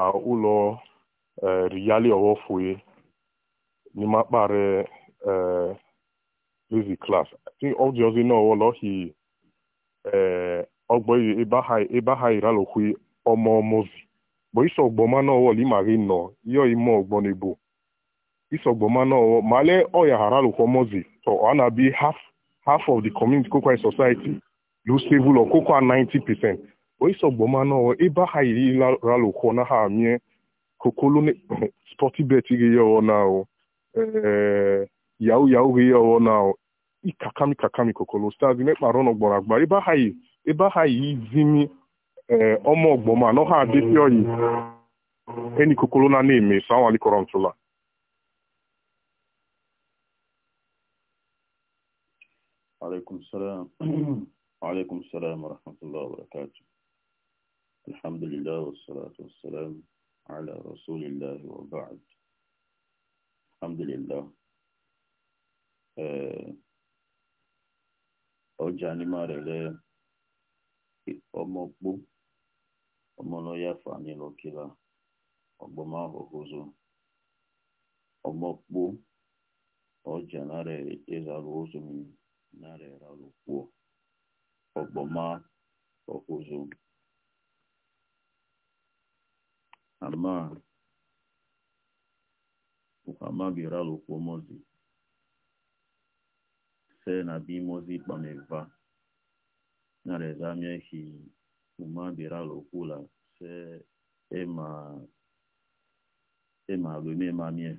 a ulo eh, riyali owofue nima kpare music eh, class ti oji ozi na owo lohi ogbo ebe ha iralokwi ọmọ bụ isi ọgbọma n'ọwọ limaghị nọ yo ime ọgbọ n'ebo isi ọgbọma n'ọwọ male ọya haralokwa mozi so ọ na-abi half half of the community kokwa society lu stable 90 percent oisogboma no ebe ha yiri ralụkwo na ha amie kokolo na o yahu yahu gị yawo na o ikakami kakami kokolo stars gbara agba ebe yi ebe ọmọ zimi ọmụ ọgbọma nọ ha adịghị ọyị kokolo na na-eme kọrọ ntụla الحمد لله والصلاة والسلام على رسول الله وبعد الحمد لله ọjà ní máa rẹ̀ lẹ́ ọmọ pọ́ ọmọ lọ́yà fàánì lọ́kìlá ọgbọ́n máa hòkóso ọmọ pọ́ ọjà náà rẹ̀ ìràlú oṣù mi náà rẹ̀ ìràlú pọ́ ọgbọ́n máa hòkóso. almar ukamagira lokwo mozi se na bi mozi pameva na rezamia hi umagira lokula se ema ema lume mamie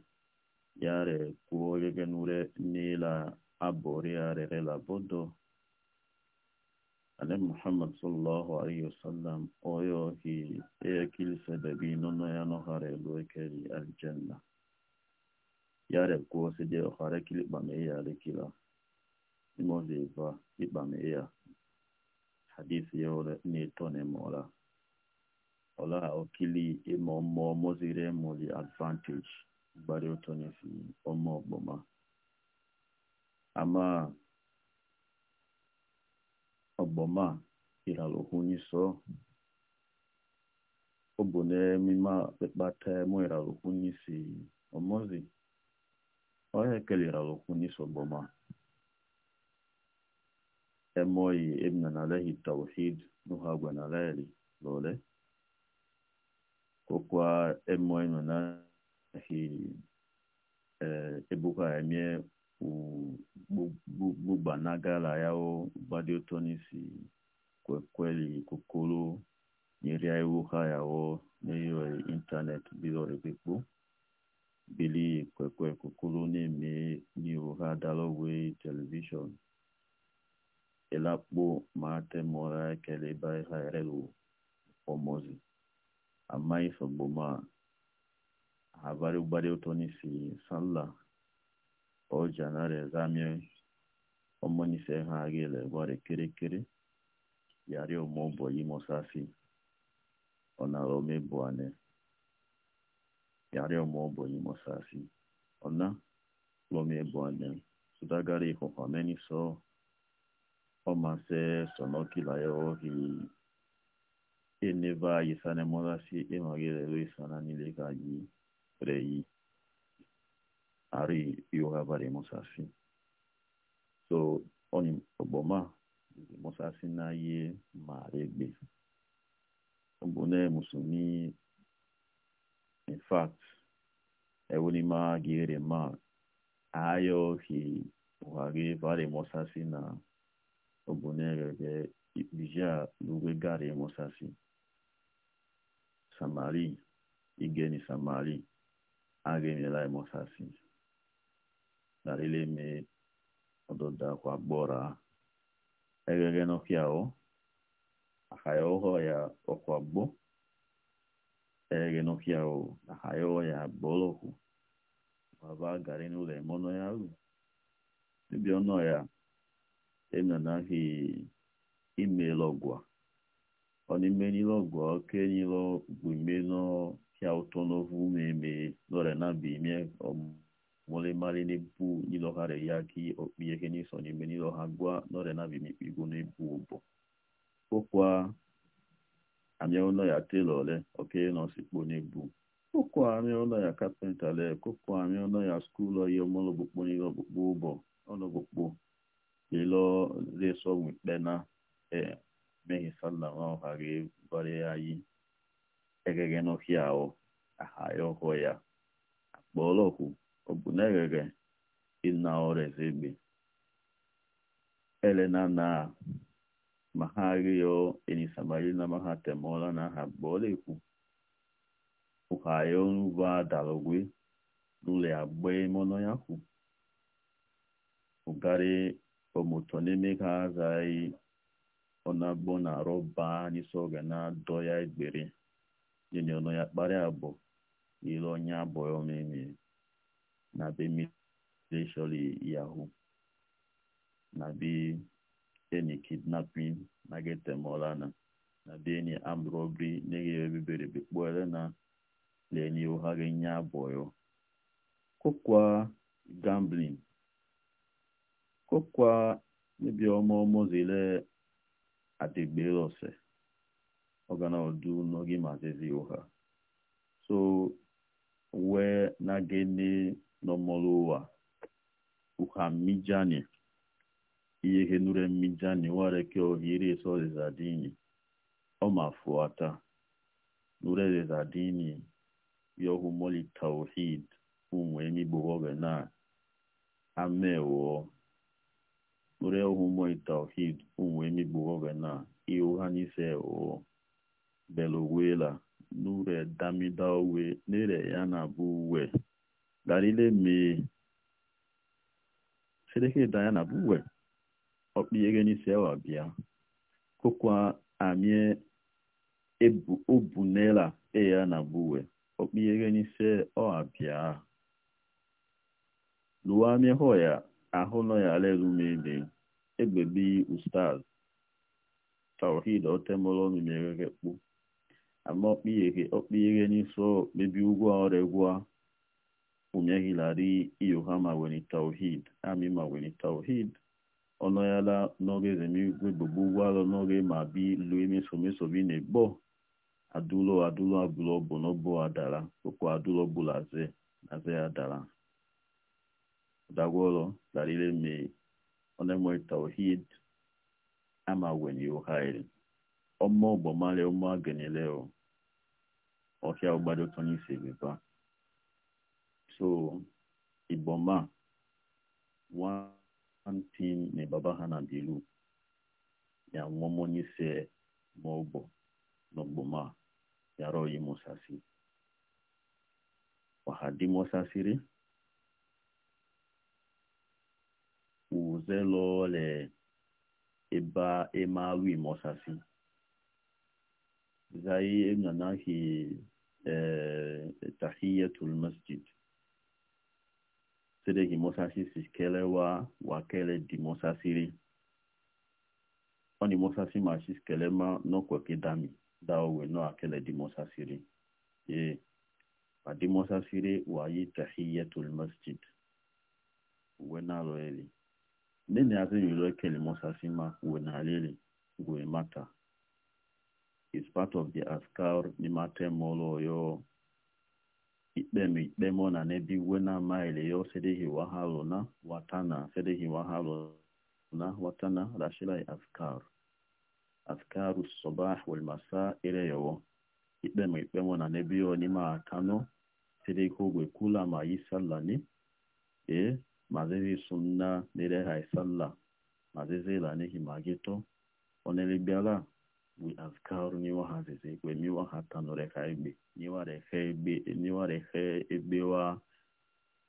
yare kuoleggenure nila abore arere la bodo ale muhammad sallallahu alayhi wa sallam oyo hi eya kilisa dabi nono ya no hare lo keri aljanna yare ko se de hare kili bame ya le kila imo de va ibame ya hadith yo ni tone mola ola o kili imo mo mozire mo the advantage bari o tone fi omo gboma ama gbọma iraluhunyiso na bụ n'emime akpịkpata emu iraluhunyisi omozi onye ekele na gbọma emoyi ibn nalehi tawhid na gwanaleli lole kokwa emoyi nanahi eh, ebuka emie bugbanagala yao gbadi otonisi kwekweli kokolo nyeria ewuha yawo n'iyo intanet bilo ekpekpo bili kwekwe kokolo na-eme n'iwuha dalowe telivishọn elakpo ma temora ekele ebe ha erelu omozi amaghị sogboma habari gbadi otonisi sallah o janare zamie omonise ha agile gware kirikiri yari omombo yimosafi onalo na yari omombo yimosafi ona lo mebwane sudagari ihohameni so omase sonokila yohi eneva yisanemodafi emagile lo isananile kaji reyi ari yoga bare musasi so oni oboma musasi na ye marebe. ogbone musumi in fact ewoni ma gere ma ayo ki wage bare musasi na ogbone rege bija lugbe gare musasi samari igeni samari ageni lai musasi larileme ododa kwa gbora egege nokiao ahayoho ya okwagbo egege nokiao ahayoho ya gboloku baba gari n'ụlọ emono ya ru dibia ọnọ ya enanaghị imelọgwa ọnimenilọgwa okenyilọ gbumeno ya ụtọ n'ovu meme lọrena bimie ọmụ molemali n'ebu n'ilọgharị ya gị okpuyeke n'iso n'ime n'ilọha gwa n'ọrịa nabimikpigo n'ebu ụbọ ụkwa amịọnọ ya telọle okenọsikpo n'ebu ụkwa ya kapịnta le ya skuul oyi ọmọlọgbukpo n'ilọgbukpo ụbọ ọlọgbukpo lelo na wikpena ee mehisala ọhaghị ya yi n'ọhịa ahụ aha ya ọhụ ya ọbụneghere ịna ọrụ eze egbe elena na mahario enisamarina mahatemola na aha gbọlekwu uhayo nuba dalogwe lule agbe mono yakwu ugari omoto n'ime ka azaghị ọnagbo na rọba n'isi oge na-adọ ya egbere nyere ọnụ ya kparịa abụọ n'ile onye abụọ omeme na be militarily yahoo na be any kidnapping na get them all na na be any armed robbery na get everybody be boyle na lenye uhage nya boyo kokwa gambling kokwa níbi ọmọ ọmọ zele àtẹgbẹrẹ ọsẹ ọgana ọdún n'oge ma tẹsí ụha so wee na gene nomolowa uhamijani iyehe nure mijani wareke ohire soze za dini omafuata nure za dini yohumoli tauhid umwe mibuwoge na amewo nure ohumoli tauhid umwe mibuwoge na iuhanise o belowela nure damidawe nere ya yana buwe darile me sedeke dayana buwe okpiyege ni sewa bia kokwa amie ebu obunela ya na buwe okpiyege ni se o abia luwamie hoya ahono ya lelumede egbebi ustaz tawhid otemolo mimerege kpu ama okpiyege okpiyege ni so mebi ugwu ọrịa gwa unyehilari iyohama weni tauhid amima weni tauhid ọnọyala n'oge zemigwe gbogbo ụgbọala n'oge ma bi lue mesomeso bi na-egbo adulo adulo abụlọ bụ n'ọbụ adara okwu adulo bụla ze na ze adara dagwọrọ darire me onemwe tauhid ama weni yohairi ọmọ ọgbọmari ọmọ ageneleo ọhịa ọgbadotọ n'isebeba so Iboma one thing na baba ha na bilu ya nwomo nyise ma ọgbọ ya yara oyi mosasi ọhadi mosasiri uzelole eba emawi mosasi zai emnanahi tahiyatul masjid sedeki mọ́sáṣí kẹlẹ́ wá wà kẹlẹ́ di mọ́sáṣí rí wọ́n ni mọ́sáṣí máa ṣí kẹlẹ́ má nọ́kọ̀ọ́kẹ́ dami dá òwe náà kẹlẹ́ di mọ́sáṣí rí yé pàdé mọ́sáṣí rí wà yí tàhíyẹ́ tó lè masjid òwe náà lọ ẹ̀rí e nínú àtẹ̀yìn lọ kẹlẹ́ mọ́sáṣí má òwe náà lérè òwe má ta is part of the askar ni matemolo tẹ́ ikpemi ikpemo na n'ebe iwe na-ama eleyo sedehi wahalo na watana sedehi wahalo na watana rashilai afkar afkaru sobah wal masa ireyowo ikpemo ikpemo na n'ebe yo n'ime atano sedehi ogwe kula ma yi sallah ni e mazezi sunna nere ha sallah mazezi la nehi magito onelibiala wi azkaru niwa ha sese kwe miwa ha tano reka egbe niwa rehe egbe niwa rehe egbe wa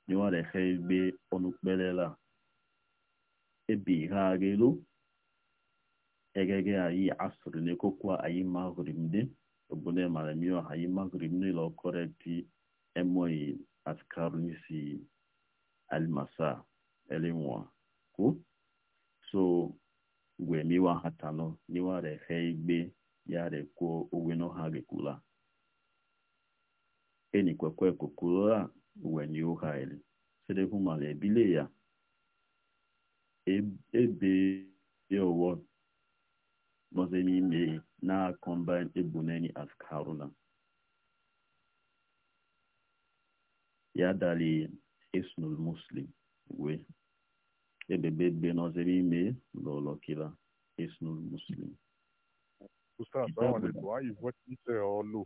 niwa rehe egbe onukpelela ebi ha agelu egege ayi asiri ne kokwa ayi maghrib ndi obune mara miwa ayi maghrib ni lo koreti emoyi azkaru nisi almasa elimwa ko so miwa hatalo niwa rehe igbe ya rekwuo oweno ha rekwula enikwekwe kokulola wenyi ohaili serehumala ebile ya ebe yowo mozemime na combine ebuneni askaruna ya dali isnul muslim gwe ebegbe debe be nan zemi me, lo lo ki la, es bụ muslim. Usta, sa wane do a, yu vwet ni se o lo.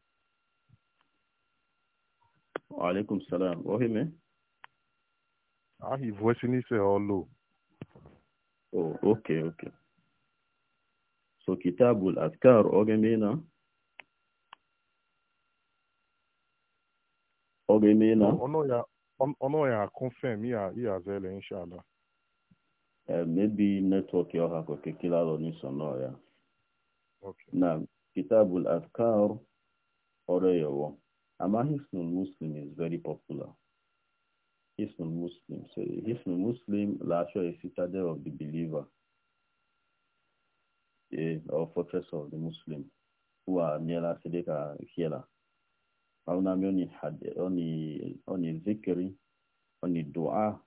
Aleykoum salam, wahi me? A, yu oh, ok, ok. Sokita kitabou l'adkar, oge na? Oge me na? Ono ya, ono ya konfem, ya, Uh, maybe network ya ọha kweke lọ n'iso nọ ya na kitabul afkar oreyowo ama hisnul muslim is very popular hisnul muslim so hisnul muslim lasho a citadel of the believer yeah, or fortress of the muslim who are miela sedeka hiela aunami onye zikiri onye dua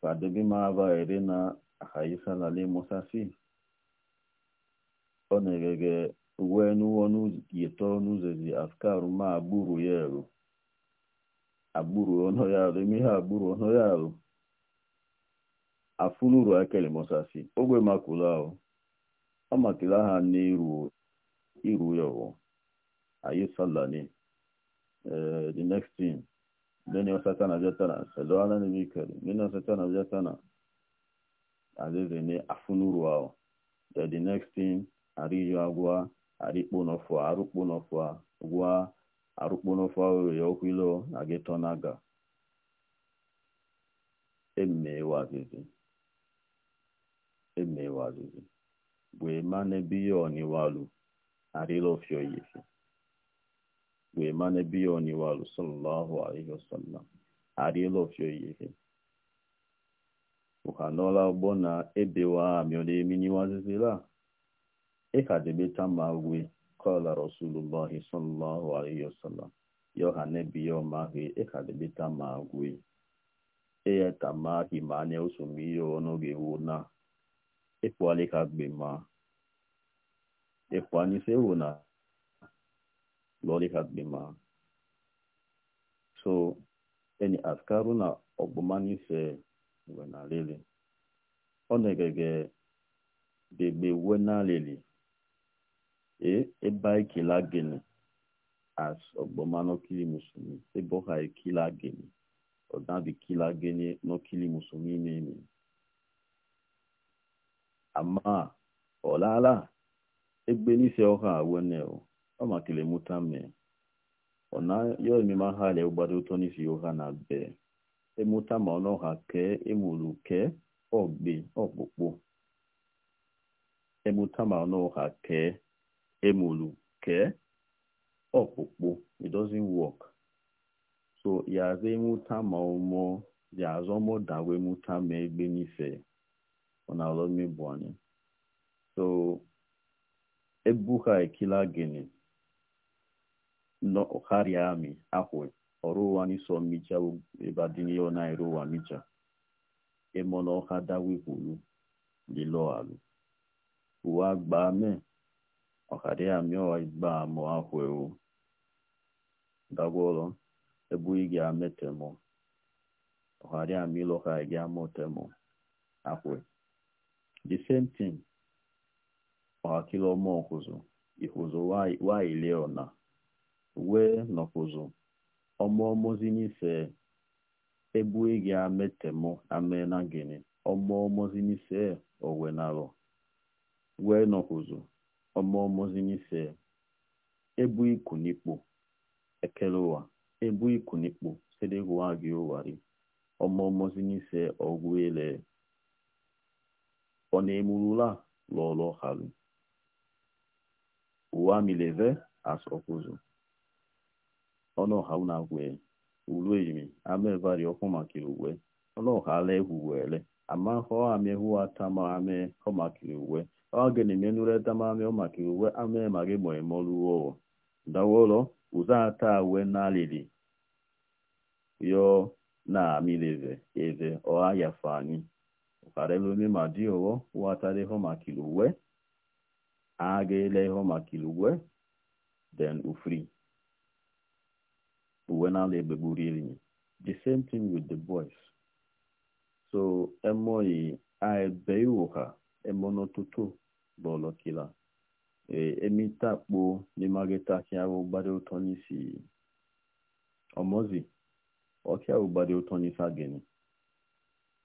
fadebi ma ba ere na ahayisa na le ọ na-egege uwe n'ụwọnụ yeto n'uzezi afkar ma agburu ya eru agburu ọnụ ya arụ eme ihe agburu ọnụ ya arụ afụluru akele mosasi ogwe makụla ahụ ọ makila ha n'iru ya ọwụ the next thing ndani satana jatana salwana ni bikari mina satana jatana azizi ni afunuru wao the next thing ariyo agwa arikpo nofo arukpo nofo emewa bụ wee ma na biya oniwalu sallallahu alaihi wasallam ariela ofio ihe ụhanola ụgbọ na ebewa amịọla eminiwazizila ịkadebeta ma we kọla rasulullahi sallallahu alaihi wasallam yoha nebiya ọmaghị ịkadebeta ma gwe eyetamaghị e ma anya osomihe ọnụghị ewu na ịkpọalika gbe ma ịkpọ anyịsa ewu na lọ́ríkà gbìmọ̀ so ẹni àfikárù na ọgbọ̀má nífẹ̀ẹ́ ìwẹ̀ náà lélẹ̀ ọ̀nẹ̀gẹ̀gẹ̀ gbègbè wẹ́ náà lélẹ̀ e eba ekele agene as ọgbọ̀má n'ọkìlì mùsùlùmí ebe ọha ekele agene ọ̀dàbí kìlà agene n'ọkìlì mùsùlùmí n'emi àmà ọ̀làlà egbe nífẹ̀ẹ́ ọha àwẹ̀ náà ọ makele mụta mme ọ na yo ememe ha ala ụgbado ụtọ n'ifi ụha na be emuta ma ọnụ ha kee emuru kee ọgbe ọkpụkpụ emuta ma ọnụ ha kee emuru kee ọkpụkpụ it doesn't work so yaze emuta ma ụmụ yaze ọmụdawa emuta ma egbe n'ife ọ na-alọ mmebu anyị so ebuha ekila gịnị no okhari ami akwe oruwa ni so mija ibadini yo na iruwa mija emono khada wihulu lilo alu uwa gba me okhari ami o igba mo akwe o dagwolo ebu igi ametemo okhari ami lo kha igi amotemo akwe the same thing ọhakilo mo ihuzo wa ile ona wee nọkwụzụ ọmụọmụzinise ebue gị ametemo amena gịnị ọmụọmụzinise owenalụ wee nọkwụzụ ọmụọmụzinise ebu ikunikpo ekele ụwa ebu ikunikpo sedegwa gị ụwari ọmụọmụzinise ogwuele ọ na-emurula lọlọ halu ụwa mileve asọkwụzụ ọnụọha na-agwe uruerimi amevari ọkụ makiri uwe ọnụọha ala ehu were ama hụ amiehu atama ame na-emenure tama ame ọmakiri uwe ame magi moemoluo dawolo uzata uwe n'alili yo na ọ eve ọhayafani ụkarelome ma di owo watara ihe ọmakiri uwe aga ele ihe ọmakiri uwena le begburi the same thing with the boys so I tutu, emoyi kila. E, emonotutu bolokila ni mageta kia gbari ụtọ si. ọmọzi okia gbari ụtọ n'isi ageni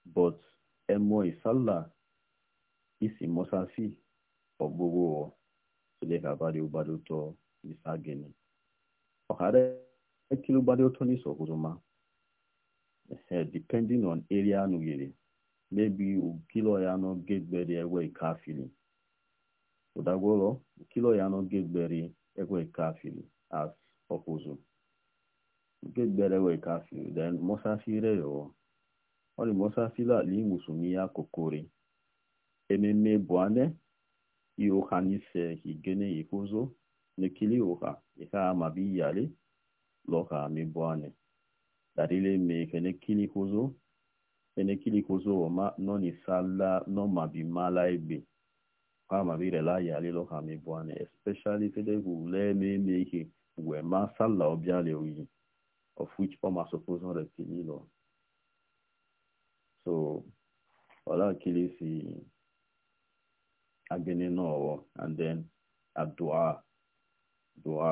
but emoyi sala isi mosasi, ọgbụgbọ so leka gbari ụgbari ụtọ n'isi ageni ọhara ekele gbadị ụtọ n'isi ọgụrụma eh, depending on area anụghịrị maybe ukilo ya n'oge gberi egwe afili. ụdagworo ukilo ya n'oge gberi egwe afili. as ọkụzụ oge gbere egwe afili. then mosafire yo ọrị mosafile ala imusumi ya kokori ememe buane iụha n'ise higene ikuzo n'ekili ụha ihe amabi iyali lọka mibụanị darile me kene kili kozo kene kili kozo ma nọni sala nọma bi mala egbe kama bi rela yali lọka mibụanị especially fede wule me me ike we ma sala obiale oyi of which ọma supposed reptili lọ so ọla kili si agene nọwọ and then adua dua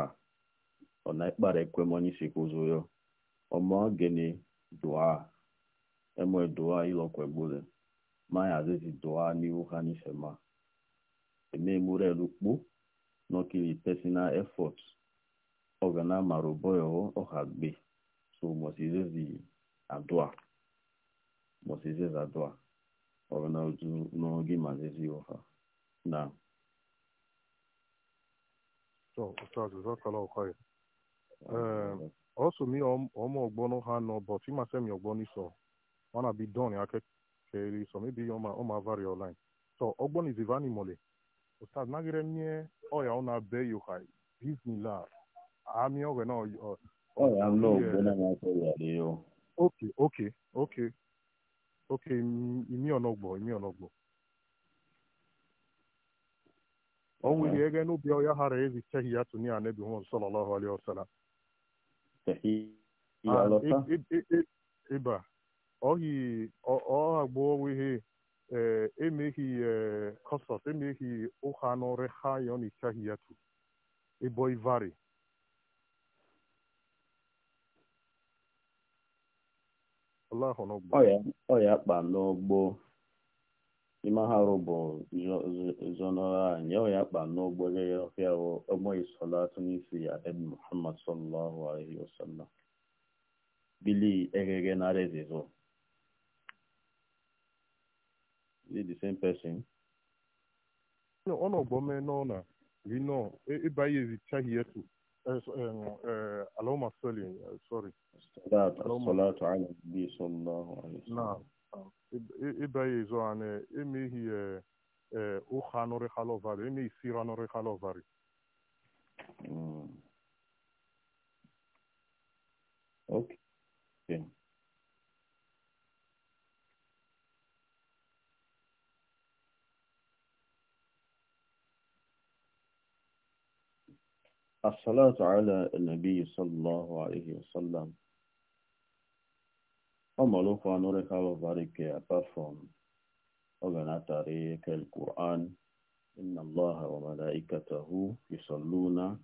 ọ na-ekpara na ikpara ekwe mo nisi kuzuyo omo geni dua emo a ịlọkwa kwebule maya zezi dua ni uhani sema eme mure lukpu no kili personal effort ogana maruboyo ọgana so mosizezi adua mosizezi adua ọ oju n'oge mazezi oha na so ustaz jazakallahu khair Um, also me um, ọmọ ọgbọnọ ha nọ but ịmasị m ọgbọnọ so ọ na bi don akekere so maybe ọma ọma vari online so ọgbọnọ is ivani mole ustaz nagire nye ọya oh, ọ na be yo ha bismillah ami ọgwe na o. ọya m n'ogbe na ma sọ ya leyo okay okay okay okay imi ọnọgbọ imi ọnọgbọ ọnwụ ihe ege n'ubi ọya hara ezi chehi ya tụnye a nebi nwụọ sallallahu alaihi wasallam ịba ah, ọ ọgbọwe ihe emeghị e e, kọsọs emeghị ụha n'ọrụ ha ya n'ichaghị ya tu ịbọ ivari ọ ya kpa n'ogbo imaharu bụ zonranyao ya kpa n'ogbere ya ọfịawo n'isi ya ebe muhammad sallallahu alaihi wasallam bili eghere na rezizo the same person ọ nọgbọ mee nọ e, e ezichaghị e, ala إبا يزوان إمي هي أخا نوري خالوفاري إمي سيرا نوري خالوفاري أوكي الصلاة على النبي صلى الله عليه وسلم ومالوكو نوريكا وفاريكي أفرفون وغناتاري كالقرآن إن الله وملائكته يصلون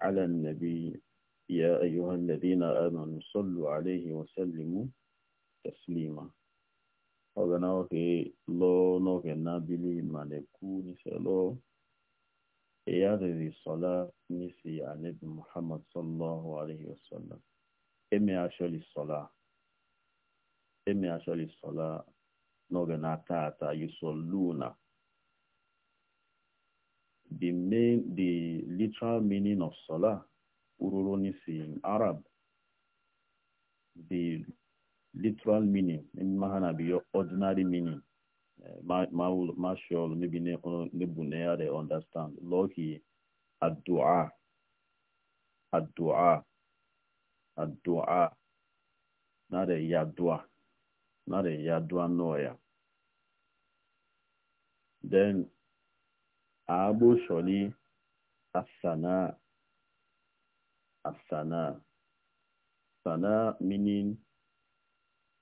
على النبي يا أيها الذين آمنوا صلوا عليه وسلموا تسليما وغناوكي لو نوكي نابلي مالكو نسألو يا ذي الصلاة نسي عن ابن محمد صلى الله عليه وسلم إمي عشالي الصلاة eme achọghị sọla n'oge na-ata ata yusoluna the main the literal meaning of sola ururonis in arab the literal meaning mmahana bụ your ordinary meaning eh, marshal maybe nebunea they understand lohi addu'a adua adua na the yadua Not eyadu anụ ya then Abu Shali asana asana sana meaning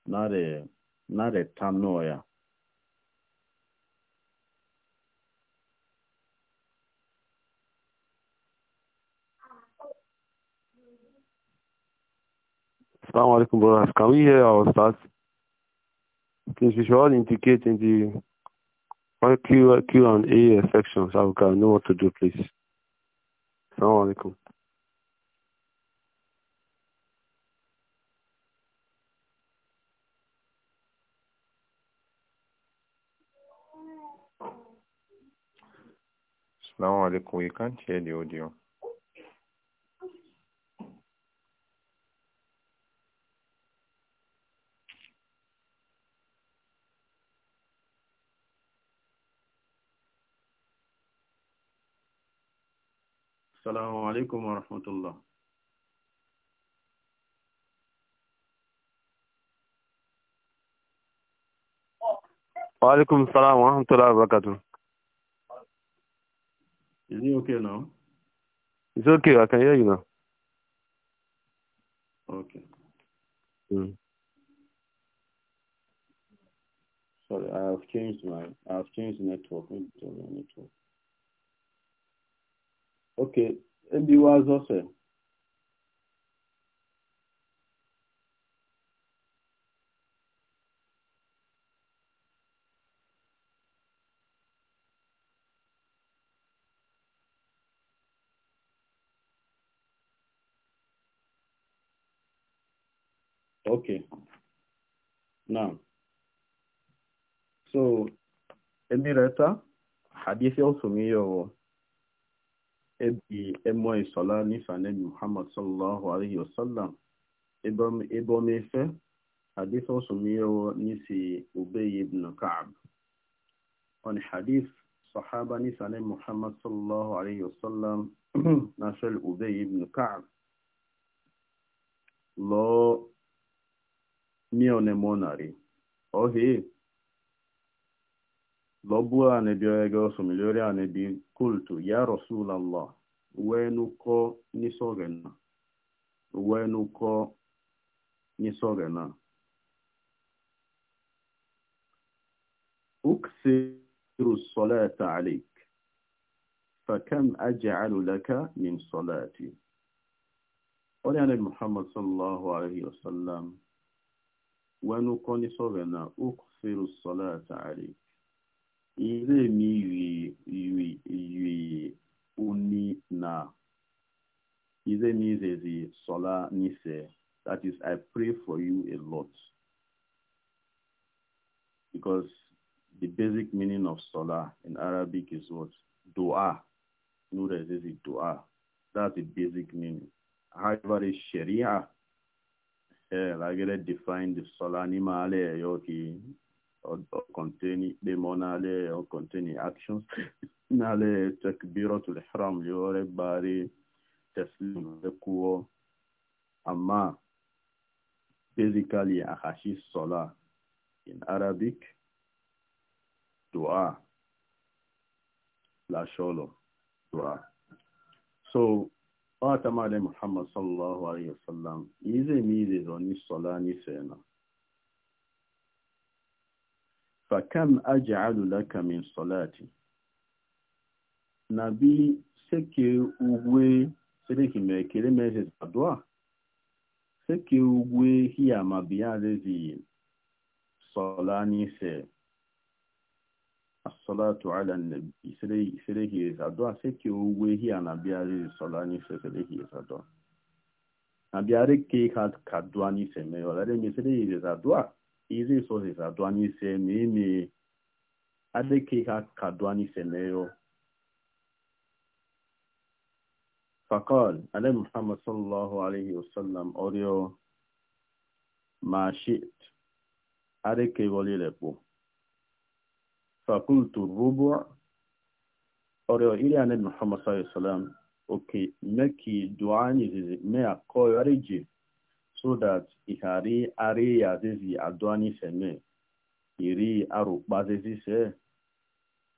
nare nare tano ya Assalamu alaikum, brothers. Can we hear our stats? Please, we should all indicate in the Q, Q and A sections. I we can know what to do, please. Assalamu alaikum. Assalamu alaikum. We can't hear the audio. عليكم ورحمة الله وعليكم السلام ورحمة الله وبركاته Is it okay now? It's okay, I can hear you now. Okay. Mm. Sorry, I have changed my I have changed network. Network. Okay. ebiwa also Okay. Now, so, Emirata, Hadithi also me, ebi emo isola nifane muhammad sallallahu alaihi wasallam ibom efe hadith osumiyewo nisi ubey ibn ka'ab on hadith sahaba nifane muhammad sallallahu alaihi wasallam nashel ubey ibn ka'ab lo mionemo nari ohe oh, hey lobula ne bioego somilioria ne bi kultu ya rasulallah wenuko nisogena wenuko nisogena أكثر الصلاة عليك فكم أجعل لك من صلاتي ولأن محمد صلى الله عليه وسلم ونقول صغنا أكثر الصلاة عليك ire mi iri iri na ire mi zezi sola nise that is i pray for you a lot because the basic meaning of sola in arabic is what dua nura is dua that's the basic meaning however sharia yeah, like I define the sola ni ma yoki or, continue containing demonale or containing actions nale takbiratul ihram liore bari taslim kuo amma basically ahashi salah in arabic dua la sholo dua so Fatamale Muhammad sallallahu alayhi is sallam, ize mize zoni sola ni sena. fakam aj'alu laka min salati nabi seke ugwe sedeki mekele meze adwa seke ugwe hiya mabiyalezi salani se as-salatu ala nabi sedeki sedeki adwa seke ugwe hiya nabiyalezi salani se sedeki adwa nabi areke kad kadwani se me olare me sedeki adwa izi resources aduanise ma eme adịghị ha ka aduanise na yo فقال علي محمد صلى الله عليه وسلم أريو ما شئت أريك ولي لكو فقلت الربع ọ̀rẹ́ ilé ànẹ́bì Muhammad sallallahu alaihi wasallam òkè mẹ́kì dùn áyìn ìzìzì mẹ́ so that ihari ari ya zizi adwani seme iri arụkpa zizi se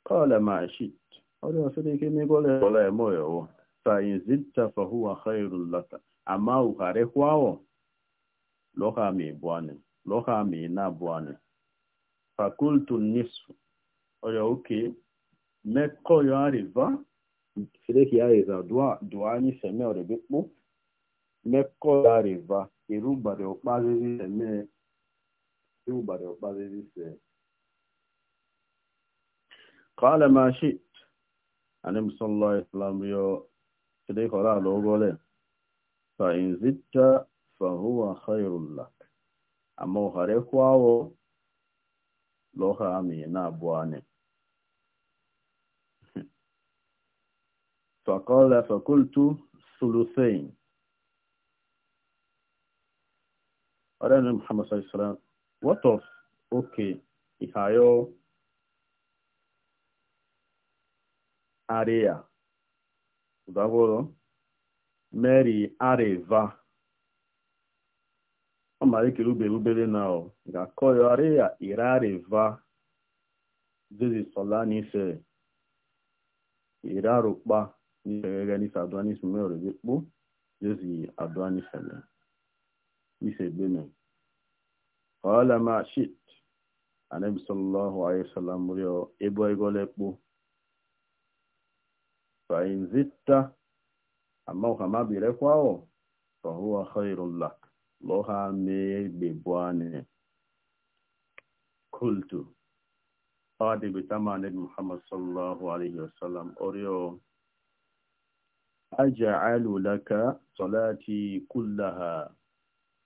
kọla ma shit ọdị ọsịrị ike megole ọla emo ewo fain zitta fahuwa khairul laka ama uhare kwawo loha mi bwane loha mi na bwane fakultu nisfu ọya oke mekọ ya arriva sire ki arriva dua dua ni iru gbara ọkparịrị eme iru gbara ọkparịrị se قال ما شئت أنا صلى الله عليه وسلم كده قال له قوله فإن زدت فهو خير لك أما خريك واو لوها أمينا بواني فقال فقلت ثلثين ọ̀rẹ́nu muhammad sallallahu alaihi what of okay ìhàyọ́ mary àríva ọ mara ikere uberubere na ọ ga-akọ ya ire àríva jésù sọlá ire àrùpá nífẹ̀ gẹ́gẹ́ nífẹ̀ àdúrà nífẹ̀ mẹ́rin pọ̀ jésù àdúrà ọ̀ọ́lá máa ṣít anẹ́bísọ́lọ́hùn ayéṣọ́lámù rí ọ ebó igọ́lẹ́pọ̀ fàyínzítà àmọ́ ọ̀hà má bèrè kwá ọ̀ ọ̀hún ọ̀họ́ ìrùlà lọ́ha mẹ́gbẹ̀bọ́ ni kúltù ọ̀dẹ̀bìtà máa nẹ́bí muhammad sọ́lọ́hùn ayéṣọ́lámù orí ọ أجعل لك صلاتي كلها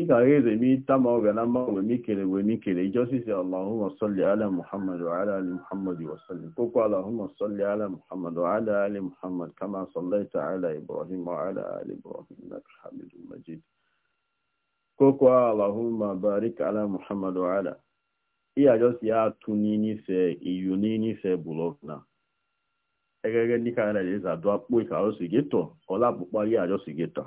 ị ga-aghịza eme ịta ma ọ ga na mma wee mikere wee mikere ijọsisi allahumma salli ala muhammad wa ala ali muhammad wa sallim kokwa allahumma salli ala muhammad wa ala ali muhammad kama sallaita ala ibrahim wa ala ali ibrahim innaka hamidum majid kokwa allahumma barik ala muhammad ala iya just ya tuni ni iyu ni ni egege ni ka na le za do apo ka o sigeto ola pupa ya just sigeto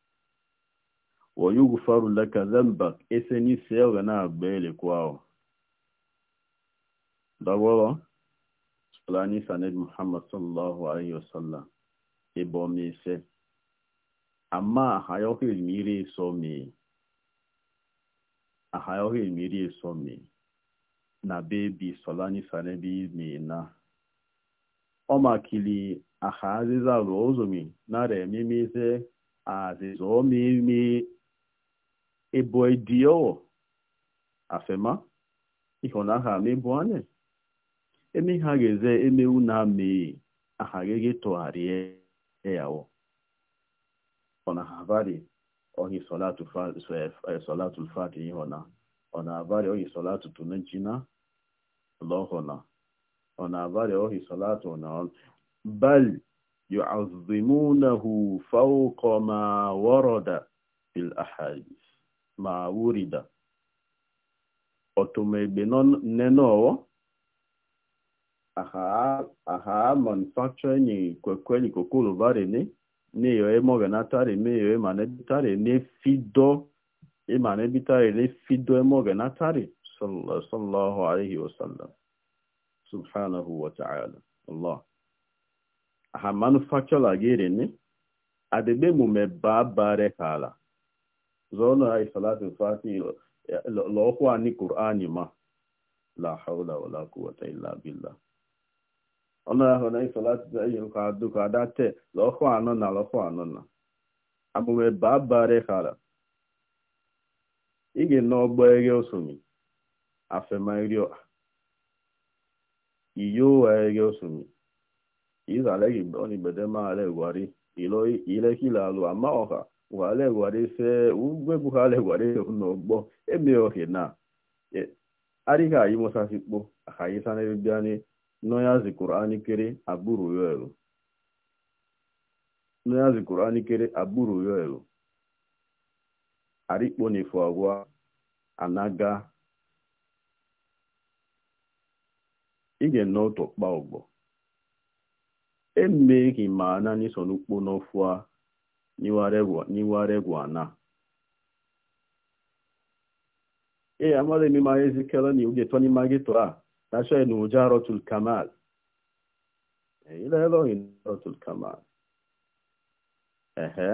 ويغفر لك ذنبك اسني سيغنا بيلك واو دابولا صلاني سند محمد صلى الله عليه وسلم ibomi se amma ahayohil miri so mi ahayohil miri so mi na bebi solani sanebi mi na ọmakili aha azịza ruo mi ememe eboediowo afema ihọnaha mebuanye eme ha ga-eze emewu na mee ahaghị tụgharịa yawo ọnahabari e, e ohi solatul e, fati ihọna ọnahabari ohi solatul tunajina lọhọna ọnahabari ohi solatul na bal يعظمونه فوق ما ورد في الأحاديث. ma wurida otumegbe nenowo aha aha manufacturing kwekweli kokulu barene neyo emogenatare meyo emanebitare ne fido emanebitare ne fido emogenatare sallallahu alaihi wasallam subhanahu wa ta'ala allah aha manufacturer gerene adebe mume babare kala zọọnụ anyị salatu fati lọọkwa anyị kur'ani ma la haula wala quwwata illa billah ọnụ ahụ na salatu anyị ka duka adate lọọkwa anọ na lọọkwa anọ na amume babare khala ige n'ọgbọ ege osumi afemairio iyo ege osumi izalegi oni bedema ale gwari ilo ile kilalo ama oha wale gwarịsị ugwe bụ ha legwarịsị na adịghị anyị mụsasikpo anyị sa n'ebe anyị ya anyị kere agbụrụ yoelu n'ọnya zikụrụ anyị kere agbụrụ yoelu arịkpo n'efu agwa anaga ige kpa ọgbọ eme ka ma na n'isonukpo n'ọfụ a n'iwaregwa na ee amara ememe ahụ ezikere na oge tọ n'ime gị tụrụ a tasha na ụja rotul kamal e, ilelohi rotul kamal ehe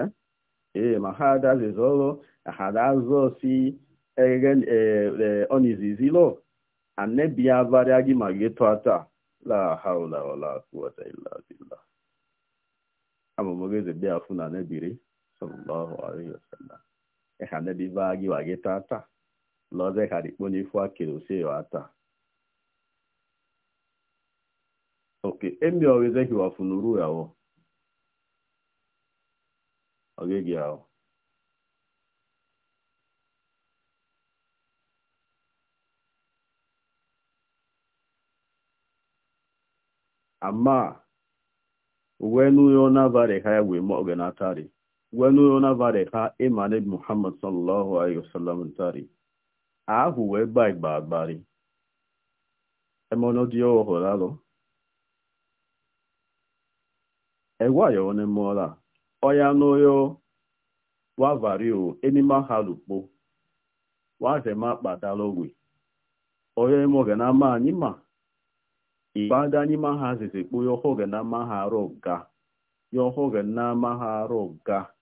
ee ma ha adazizi ọrụ ha adazọ si e, e, onizizi lo anebia varia gị ma gị tụọ taa la haula wala quwata illa billah amụmụge ze bịa afụ na anebiri sọlọlọhụ alaihi wasallam ịha nebi baa gị wa gị tata lọzọ ịha dịkpo n'ifu akere ose ya taa oke emi ọweze hiwa funuru ya ọ ọgịgị ahụ amma wenu n'ụlọ n'abalị ha ya we mo gana tari wenu na vare ha imane muhammad sallallahu alaihi wasallam tari ahu we bai bagbari emono dio horalo ewa yo ne mola halupo wa se ma ma ibada ni maha zizikpo yohoge na maha roga yohoge na maha roga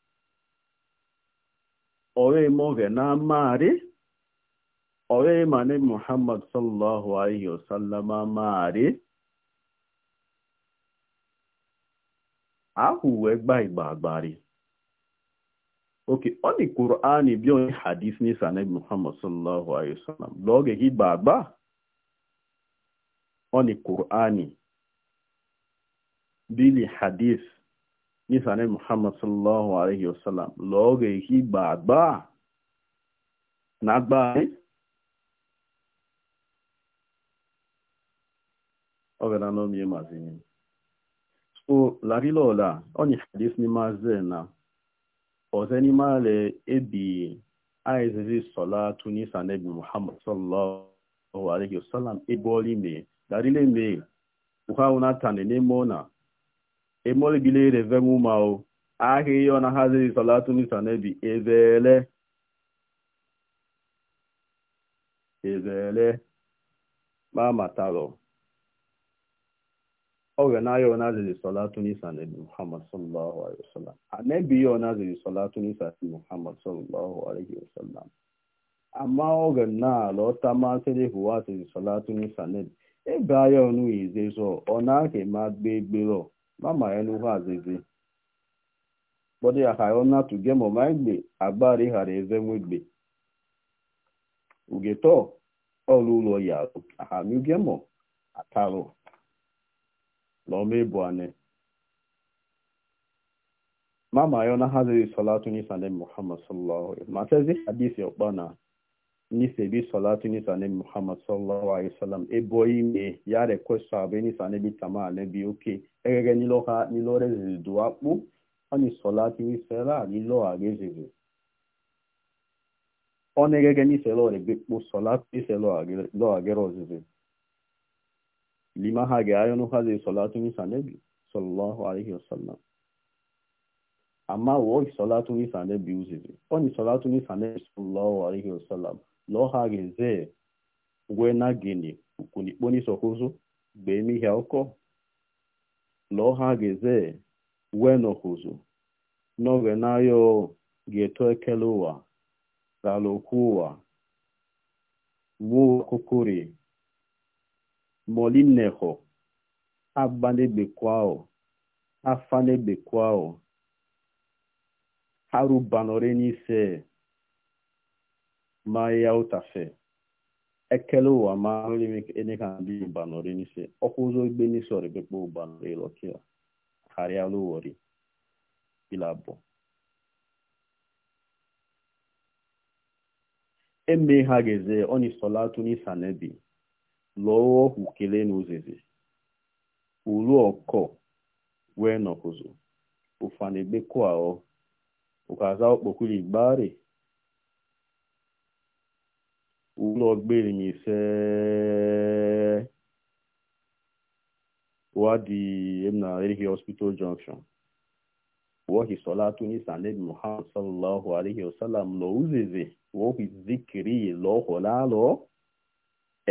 owe oge na mari owe mane muhammad sallallahu alaihi wasallama mari ahụ wee gba igba agbari oke ọ dị kur'ani bi onye hadis n'isa nabi muhammad sallallahu alaihi wasallam oge gị gba agba oni qur'ani bili hadith ni sane muhammad sallallahu alaihi wasallam loge hi baba na gba oge na nomi mazini so larilola oni hadis ni mazena ozeni male ebi aizizi salatu ni sane muhammad sallallahu alaihi wasallam eboli me darile me uha una tane ne mona e mole bile re yo na hazi salatu ni sanebi evele evele mama o oge na ayo na ziri salatu ni sanebi muhammad sallallahu alaihi wasallam anebi yo na ziri salatu ni sanebi muhammad sallallahu alaihi wasallam amma oge na alọta huwa salatu ebe ahịa ọnụ izezọ ọ na-ahị ma gbe egberọ ma ma ya nuhu azeze kpọdụ ya ha ọna tuge ma ma egbe agbara ịghara eze nwe nwegbe ugetọ ọrụ ụlọ ya ahanuge mọ atarụ lọma ebu ane ma ma ya ọna ha zere sọlatụ nisanem muhammad sallallahu alaihi ma sezi hadisi ọkpa na nisebi salatu ni sanabi muhammad sallallahu alaihi wasallam eboyi me ya request sabe ni sanabi tama alebi oke egege ni lo ha ni lo rezi dua pu ani salatu ni sela ni lo agezi one egege ni selo re bi pu salatu ni selo agere lo agero zizi lima ha ge ayo no ha ze salatu ni sanabi sallallahu alaihi wasallam ama wo salatu ni sanabi uzizi oni salatu ni sanabi sallallahu alaihi wasallam lohagize gwenagini kunikponisohuzu gbemihiaoko lohagize wenohuzu ụwa, getoekeluwa ralokuwa wukukuri molineho abanebekwawo afanebekwawo harubanore n'ise ma ya ụtafe ekele ụwa ma ene ka ndị ụbanori n'ise ọkwa ụzọ igbe n'isori bekpe ụbanori lokia harịala ụwori ilabụ eme ha geze onisolatu n'isanebi lụọ ọhụ kele n'ozeze ulu ọkọ wee nọkụzụ ụfanegbekwuahọ ụkaza okpokuli gbari ụlọgbere m ise wadi na erihi hospital junction wohi solatu nisa nabi muhammad sallallahu alaihi wasallam lo uzeze wohi zikiri lo holalo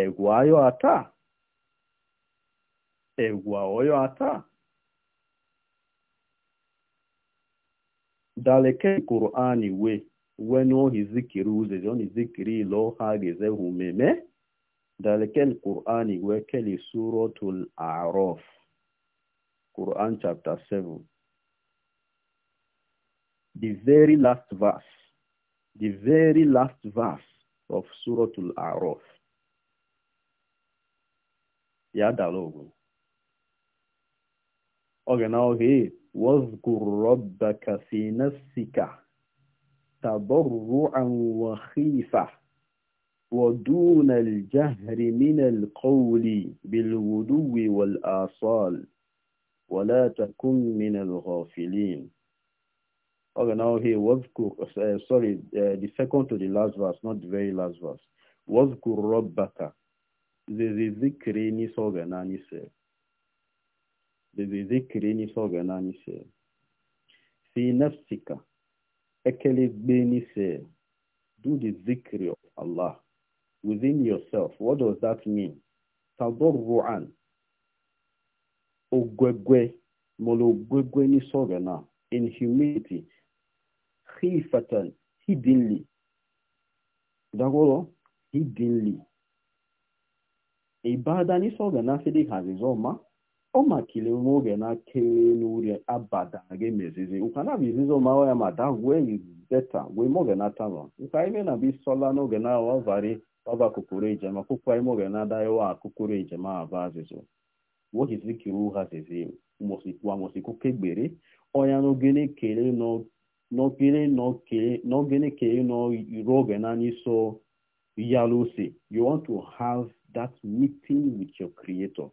egwa ayo ata egwa oyo ata daleke qur'ani we wenu hizikiri uzezi on hizikiri lo hageze humeme daliken qur'ani wekeli suratul a'raf quran chapter 7 the very last verse the very last verse of suratul a'raf ya dalogu oge na oge wazkur rabbaka fi nafsika تضرعا وخيفة ودون الجهر من القول بالودو والآصال ولا تكن من الغافلين Okay, now here, واذكر, uh, sorry, uh, the second to the last verse, not the very last verse. واذكر ربك ذذكر نسوغ نانيسي ذذكر نسوغ نانيسي في نفسك Ekele benise. Do the zikri of Allah within yourself. What does that mean? Tadarru'an. Ogwegwe. Molo gwegwe ni na In humility. Khifatan. Hiddenly. Dagoro. Hiddenly. Ibada ni sogana sidi hazizoma. ọ makile nwoge nakeleni abada gị mezizi na-abịa ukanabizizo mawa ya mada we beta we moge natama ukaime na bisola n'oge na wavari wava ejema ijema kukwa imoge na akụkụrụ ejema ijema abazizo woki zikiri uha zizi mosiku mosiku kegbere oya n'ogene kele no n'ogene n'okele n'ogene kele no oge na n'iso yalusi you want to have that meeting with your creator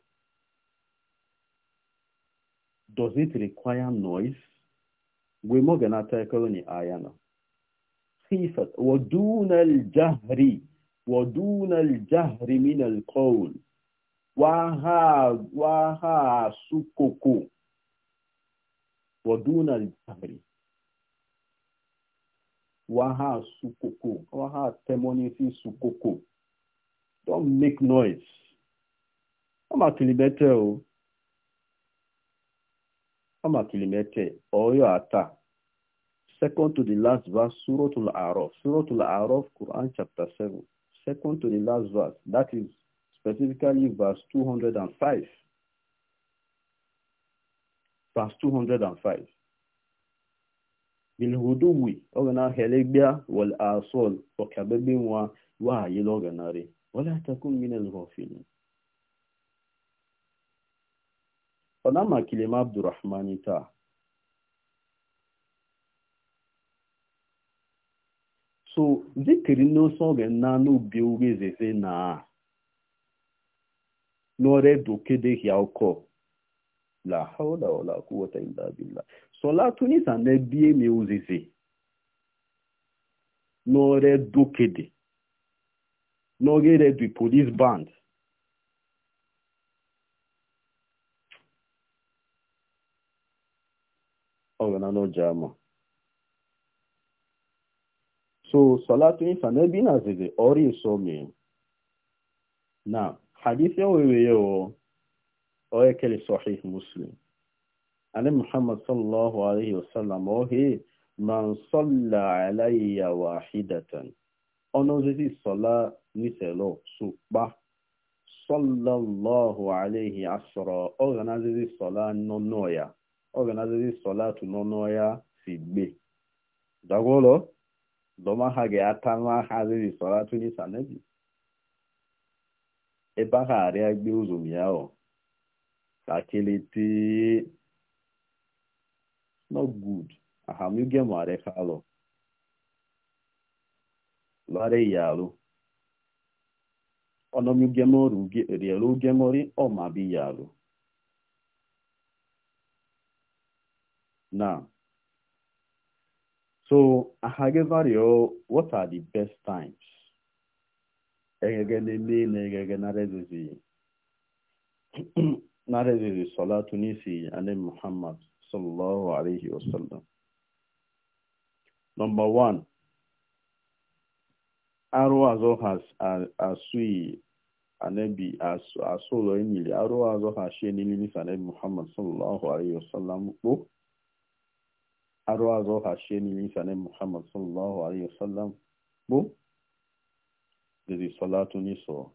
does it require noise? Wemo ganata koloni jahri, صفة ودون jahri, ودون الجهر من القول وها sukuku, سكوكو ودون jahri, waha sukuku, waha temonisi sukuku. don't make noise ọmọ àtìlíbẹ́tẹ̀ o amakilimete oyo ata. Second to the last verse, Suratul Araf. Suratul Araf, Quran chapter 7. Second to the last verse, that is specifically verse 205. Verse 205. bilhuduwi ogana helegbia wal asol okabebi nwa wa ayi loganari wala takun min al-ghafilin onama kilema abdurrahmani taa so zikiri n'oso oge nnanụ ubi ugezeze na n'ọredo kedehia ụkọ la haula wala quwwata illa billah salatu ni sanebie me uzeze n'ọredo kede n'oge redu police band ọ̀rọ̀ náà lọ́jà mọ̀ so salatu yin sanabi na zede ori so mi na hadith yo we yo o e kele sahih muslim ani muhammad sallallahu alaihi wasallam o he man salla alayya wahidatan ono zezi sala ni selo supa sallallahu alaihi asra o gana zezi sala no noya ọganazezi sọlatụ n'ọnụ ọhịa si gbe dagwolo dọma ha ga-ata nwa ha zezi sọlatụ n'isa nebi ebe ha arịa gbe ụzọ ya ọ kakiliti not good ahamuge mare kalo lare yalo ọnọmugemo ọ ma ugemori ọmabi yalo Now, so Ahagavario, what are the best times? narezizi Salah Tunisi and Muhammad Sallallahu Alaihi Wasallam. Number one, arụ azụ ha asui anabi asụlọ emili arụ azụ ha shie n'ilili sanebi muhammad sallallahu alaihi wasallam kpo aro azo hashe ni isanin muhammad sallallahu alaihi wasallam bu there is salatu niso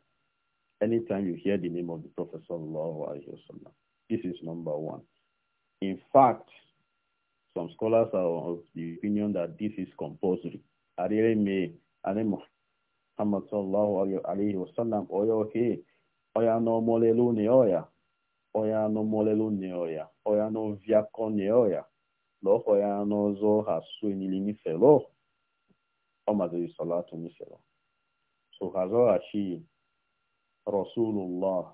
anytime you hear the name of the prophet sallallahu alaihi wasallam this is number one in fact some scholars are of the opinion that this is compulsory arere me ane muhammad sallallahu alaihi wasallam oyo he oya no molelu ni oya oya no molelu ni oya oya no viako ni oya lọ́kọ̀ ya n'ọzọ ha so enyili nifelo ọ maziri salatu nifelo so ha zọghachi rasulullah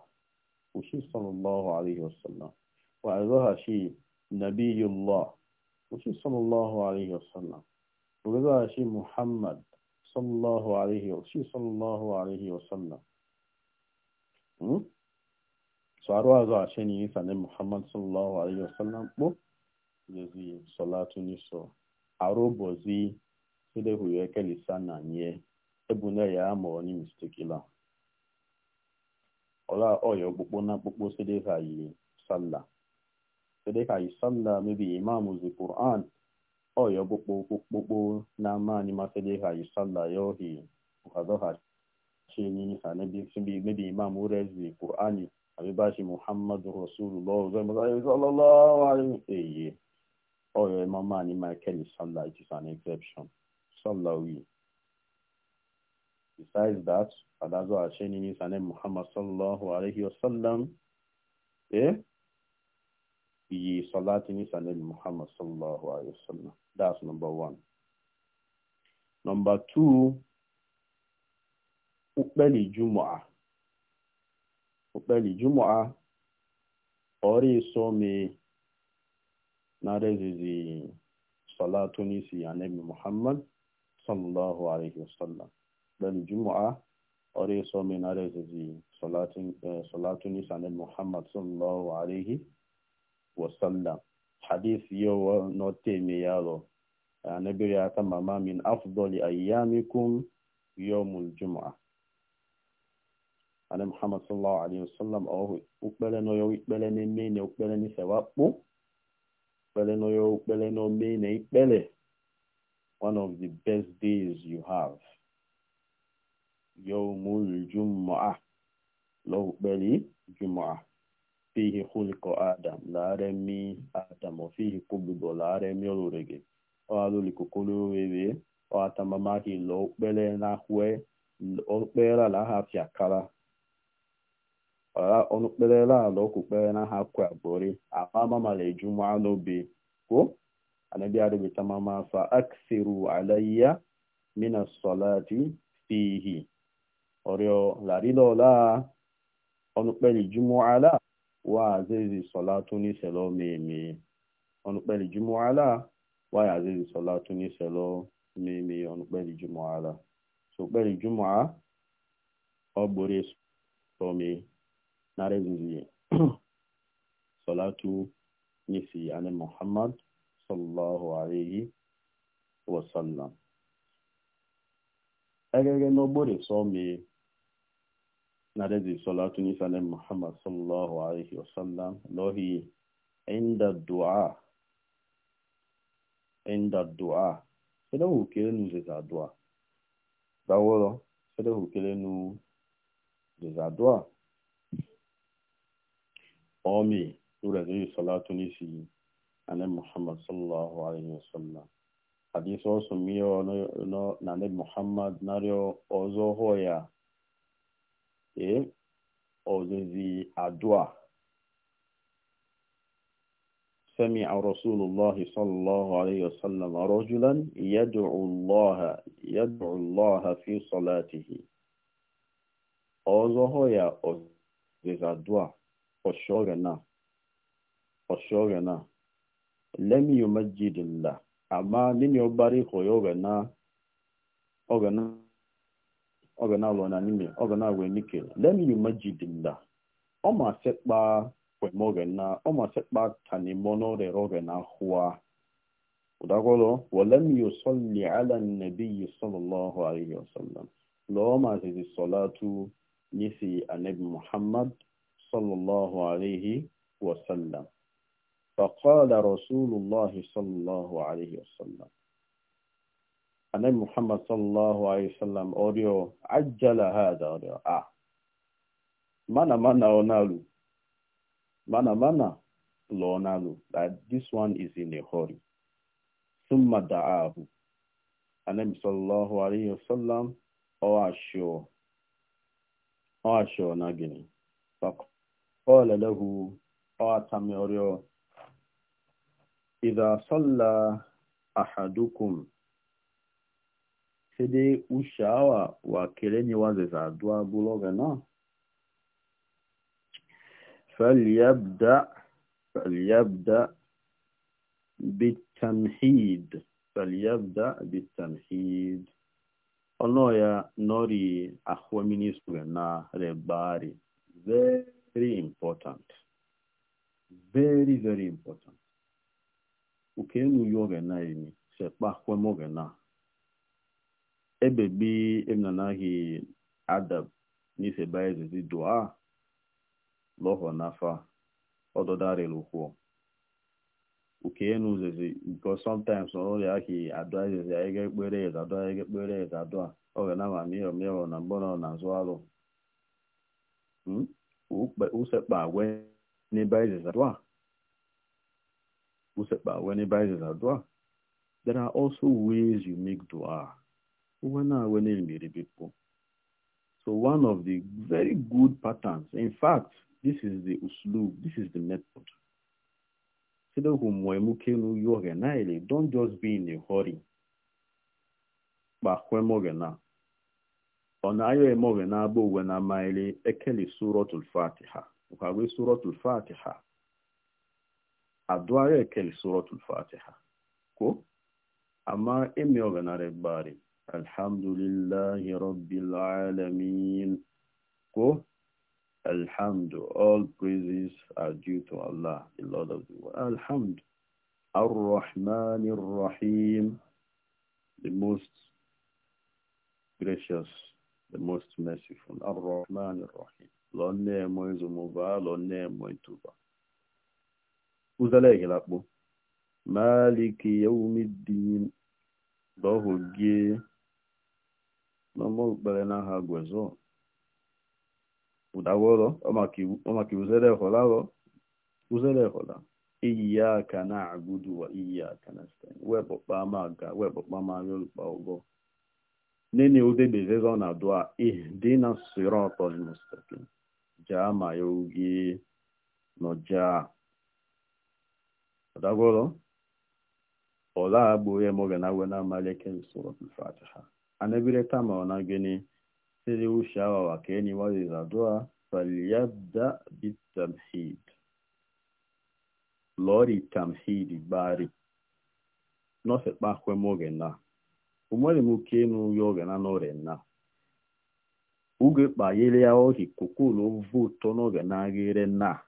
ushi sallallahu alaihi wasallam wa zọghachi nabiyullah ushi sallallahu alaihi wasallam wa zọghachi muhammad sallallahu alaihi ushi sallallahu alaihi wasallam so arwa zọghachi ni ifa ne muhammad sallallahu alaihi wasallam kpo yezi solatu niso arobozi silehuyekelisa nanye ebune ya ama onye mistekila ola oya okpukpo na akpukpo sidehayi salla sidehayi salla mebi imam zi quran oya okpukpo okpukpo na amani ma sidehayi salla yohi ukadoha chenyi hanebi mebi imam urezi qurani abibashi muhammadu rasulullah sallallahu alaihi oyo emama anyị michael sallah it is an exception sallah we besides that adazo asheni ni sane muhammad sallallahu alaihi wasallam eh yi salati ni sane muhammad sallallahu alaihi wasallam that's number one number two ukpeli jumu'ah ukpeli jumu'ah ori so me narezizi salatunisi anabi muhammad sallallahu alaihi wasallam dan jumaa ore so me narezizi salatin uh, salatunisi anabi muhammad sallallahu alaihi wasallam hadith yo no teme yalo anabi ya kama uh, ma min afdali ayyamikum yawmul jumaa anabi muhammad sallallahu alaihi wasallam o oh, ukpele no yo ukpele ne me ne ukpele ni sewakpo kpelenoyo kpeleni o mee na ikpele one of the best days you have. Yo mu jummaa loo kpeli jummaa fihi huliko Adam ndaere mi Adam o fihi kubi o laara emi o luwulege o ha luliko kulu o weebii o hatama maaki loo kpeli nahi wee laa ala okpukpere na ha kwa bori amamamala ejuma anobi ko anabi arụbita mama fa aksiru alayya mina solati fihi ọrịọ larilola ọnukpere ijuma ala wa azizi solatu ni selo meme ọnukpere ijuma ala wa azizi solatu ni selo meme ọnukpere ijuma ala so kpere ijuma ọ gbori somi nare zinziye salatu nisi ane muhammad sallallahu alayhi wa sallam egege n'ogbori so mi nare zi salatu nisi ane muhammad sallallahu alayhi wa sallam lohi inda du'a inda du'a sede hukele nu zeza du'a dawolo sede hukele nu zeza du'a قومي تردي صلاة نيسي أنا محمد صلى الله عليه وسلم حديث وصمي أنا محمد ناريو أوزو هويا إيه أوزي أدوا سمع رسول الله صلى الله عليه وسلم رجلا يدعو الله يدعو الله في صلاته أوزو هويا أوزي أدوا for sure gana for sure gana lemi yumajjidillah ama nini obari koyo gana ogana ogana na nimi ogana we nike lemi yumajjidillah o ma sekpa we mogana o ma sekpa tani mono re rogana huwa udagolo walam yusalli ala nabiy sallallahu alayhi wasallam lo ma zizi salatu nisi anabi muhammad صلى الله عليه وسلم فقال رسول الله صلى الله عليه وسلم أنا محمد صلى الله عليه وسلم أوريو عجل هذا أوريو آه mana mana onalu mana mana lonalu that this one is in a hurry summa da'ahu anabi sallallahu alayhi wa sallam o asho o asho na gini قال له قاتم يوريو إذا صلى أحدكم سيدي ushawa wa وزيزا waze بلوغنا فليبدأ فليبدأ بالتمحيد فليبدأ بالتمحيد الله يا نوري أخوة مني سوى نا رباري very important very very important oke enu yo oge na emi sekpa kwem oge na ebebi emnanaghị adab n'ife baizezi dua lọhọ n'afa ọdọdarịrị ụkwụ oke enu zezi nke sometimes ọrịa ahị adụ ezezi anyị ga-ekpere eze adụ anyị ga-ekpere eze adụ a oge na ma mịọ mịọ na mgbọrọ na azụ alụ ó sẹ̀pà àwẹ̀ ní báyìí zàdúà ó sẹ̀pà àwẹ̀ ní báyìí zàdúà there are also ways you make dua wọ́n náà wọ́n ní ìmìrì pípọ̀ so one of the very good patterns in fact this is the uslu. this is the method don't just be in a hurry. But when more now, ọ̀nàyọ̀ ẹ̀mọ̀wẹ̀ n'abọ́ òwe na maile ekele suratul fatiha ụkagwe suratul fatiha adụara ekele suratul fatiha ko amma emi ọ̀wẹ̀ na regbari alhamdulillahi rabbil alamin ko alhamdu all praises are due to allah the lord of the world alhamdu ar-rahman the most gracious the most merciful, Ar-Rahman Ar-Rahim. Lọ nne mo izumuba, lọ nne mo ituba. Uzale gilakpo. Maliki yawmiddin. Lọ́hù gé. Lọ́mọ gbẹrẹ na ha gwẹ̀zọ́. Ụdagwọ lọ, ọ maka uzere ẹ̀họ́lá lọ. Uzere ẹ̀họ́lá. Iyaka na agudu wa iyaka na stain. Wẹ́pọ̀pá máa ga, wẹ́pọ̀pá máa yọ̀lùpá ọgọ́. nini udebezeza na dua ihdina sirata almustaqim jama yogi noja odagolo ola ya moge na wena maleke surat al-fatiha anabire kama ona geni sili ushawa wakeni wazi za dua falyabda bitamhid lori tamhidi bari no se pa kwe moge na umwari mukenu yoga na nore na uge kpayele ya ohi kukulu noge na agire na eh?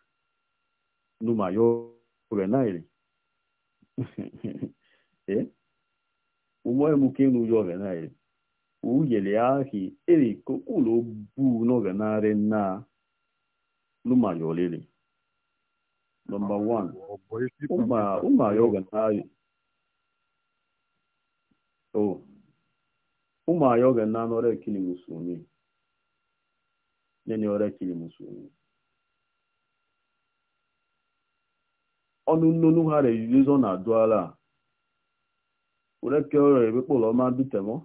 numa yoga na ile ile uyele ya ohi ili kukulu bu noge na are na numa yolele number one uma uma yoga na ile uma yoga na nore kili musumi nene ore kili musumi ọnụ nnonu ha re yuzo na duala ore ke ore ebe polo ma bitemo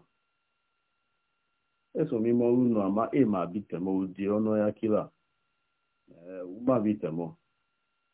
eso mi mo ama ịma ma bitemo ụdị ọnụ ya kila ụma uma bitemo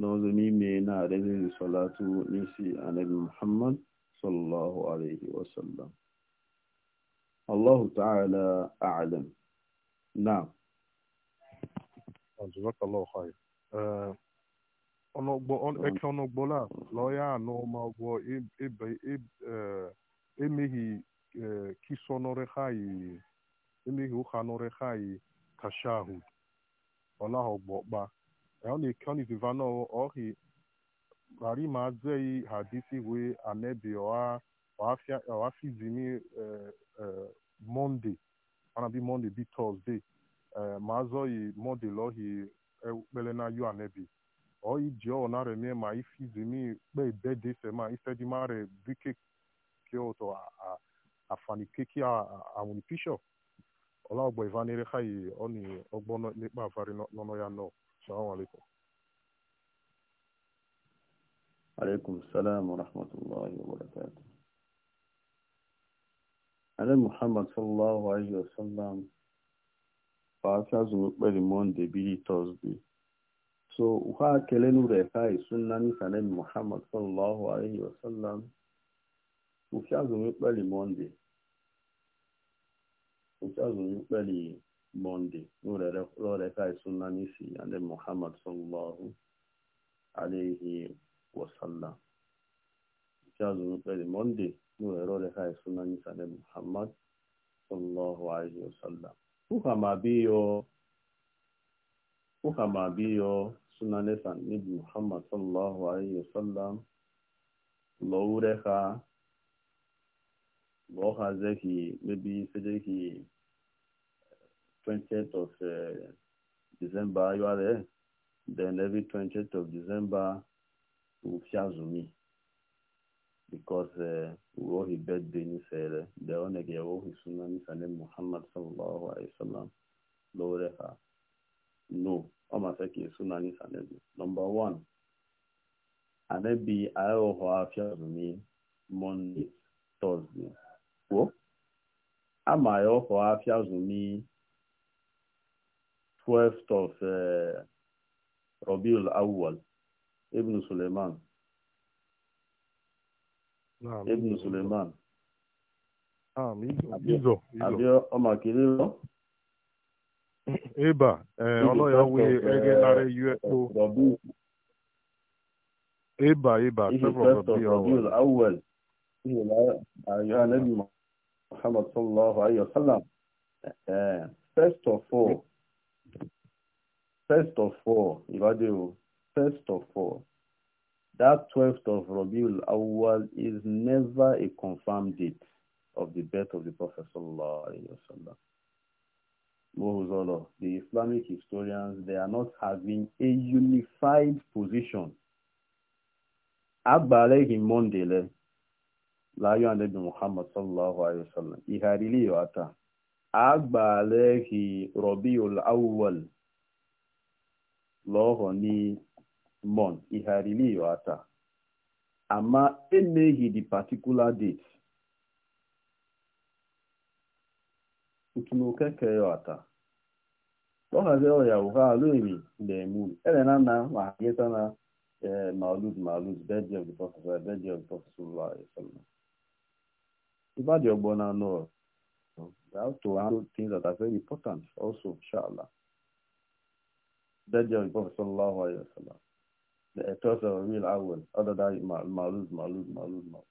n'ọzọ n'ime na-areziri salatu n'isi anabi muhammad sallallahu alaihi wasallam الله تعالى أعلم نعم جزاك الله خير eke ọnụgbọla lọya anọ ma gwọ eh, emeghị eh, yaani vivano ohi bari mazei hadisi we anebi oa oafia oafizimi eh, eh, monday anabi monday bi thursday eh, mazoi monday lohi ekpele eh, na yu anebi oyi ji ọ na remie ma ifizimi kpe bede se ma di ifedimare bike kioto afanikeki awuni pisho ola ọgbọ ivanere ha yi ọ ni ọgbọ n'ekpe avari n'ọnọ ya nọ السلام عليكم عليكم السلام ورحمة الله وبركاته على محمد صلى الله عليه وسلم فأساس مقبل موندي بيلي توزبي so uha kelenu reka isunani sanen muhammad sallallahu alaihi wasallam ukiazumi kweli monde ukiazumi kweli Monday lọ́rẹ̀ ká ìsúná nísì alẹ́ Muhammad sallallahu alayhi wa sallam ìjáàzù ní pẹ̀lú Monday lọ́rẹ̀ ká ìsúná nísì alẹ́ Muhammad sallallahu alayhi wa sallam kuka ma biyo suna nesa níbi Muhammad sallallahu alayhi wa sallam lọ́wọ́rẹ́ ká lọ́ọ́ ha zẹ́kì níbi sẹ́jẹ́kì 20th of uh, December, you are there. Then every 20th of December, we shall Zumi. Because uh, we all his birthday in Israel. Uh, the only guy who is Sunan is named Muhammad sallallahu Alaihi Wasallam. sallam. Lord, no. I'm a second Sunan is named. Number one. and then be I Anabi Ayoha Fiazumi, Monday, Thursday. What? I'm I Ayoha Fiazumi? 12th of uh, Rabiul Awwal, Ibn Suleiman. Nah, Ibn Suleiman. Àbí ọmọ kìíní lọ. Eba eh, ọlọ́yàwó ẹgẹ́ lára yú ẹ̀kọ́. Eba Eba sẹ́fọ̀rọ̀ bí ọ̀wọ̀. Awwal. Ayọ̀ Anabi Muhammad sallallahu alayhi wa eh, eh, First of all, First of all, Ibadu, first of all, that 12th of Rabiul Awal is never a confirmed date of the birth of the Prophet Sallallahu Alaihi Wasallam. The Islamic historians, they are not having a unified position. Agbalehi Mondele, Layo and Muhammad Sallallahu Alaihi Wasallam, Iharili yata. Agbalehi Rabiul Awal. lọhọ ni mon iharili yoata ama emeghị di particular date utunukeke yoata lọhazi ọya ụha alụemi na-emu elena na ma na malud eh, malud birthday of the prophet birthday of the prophet sallallahu alaihi wasallam ibadi ọgbọ na nọ those things that are very important also inshallah Dajjal Prophet sallallahu alayhi wa sallam. The ethos of real awal, other than malud, malud, malud, malud.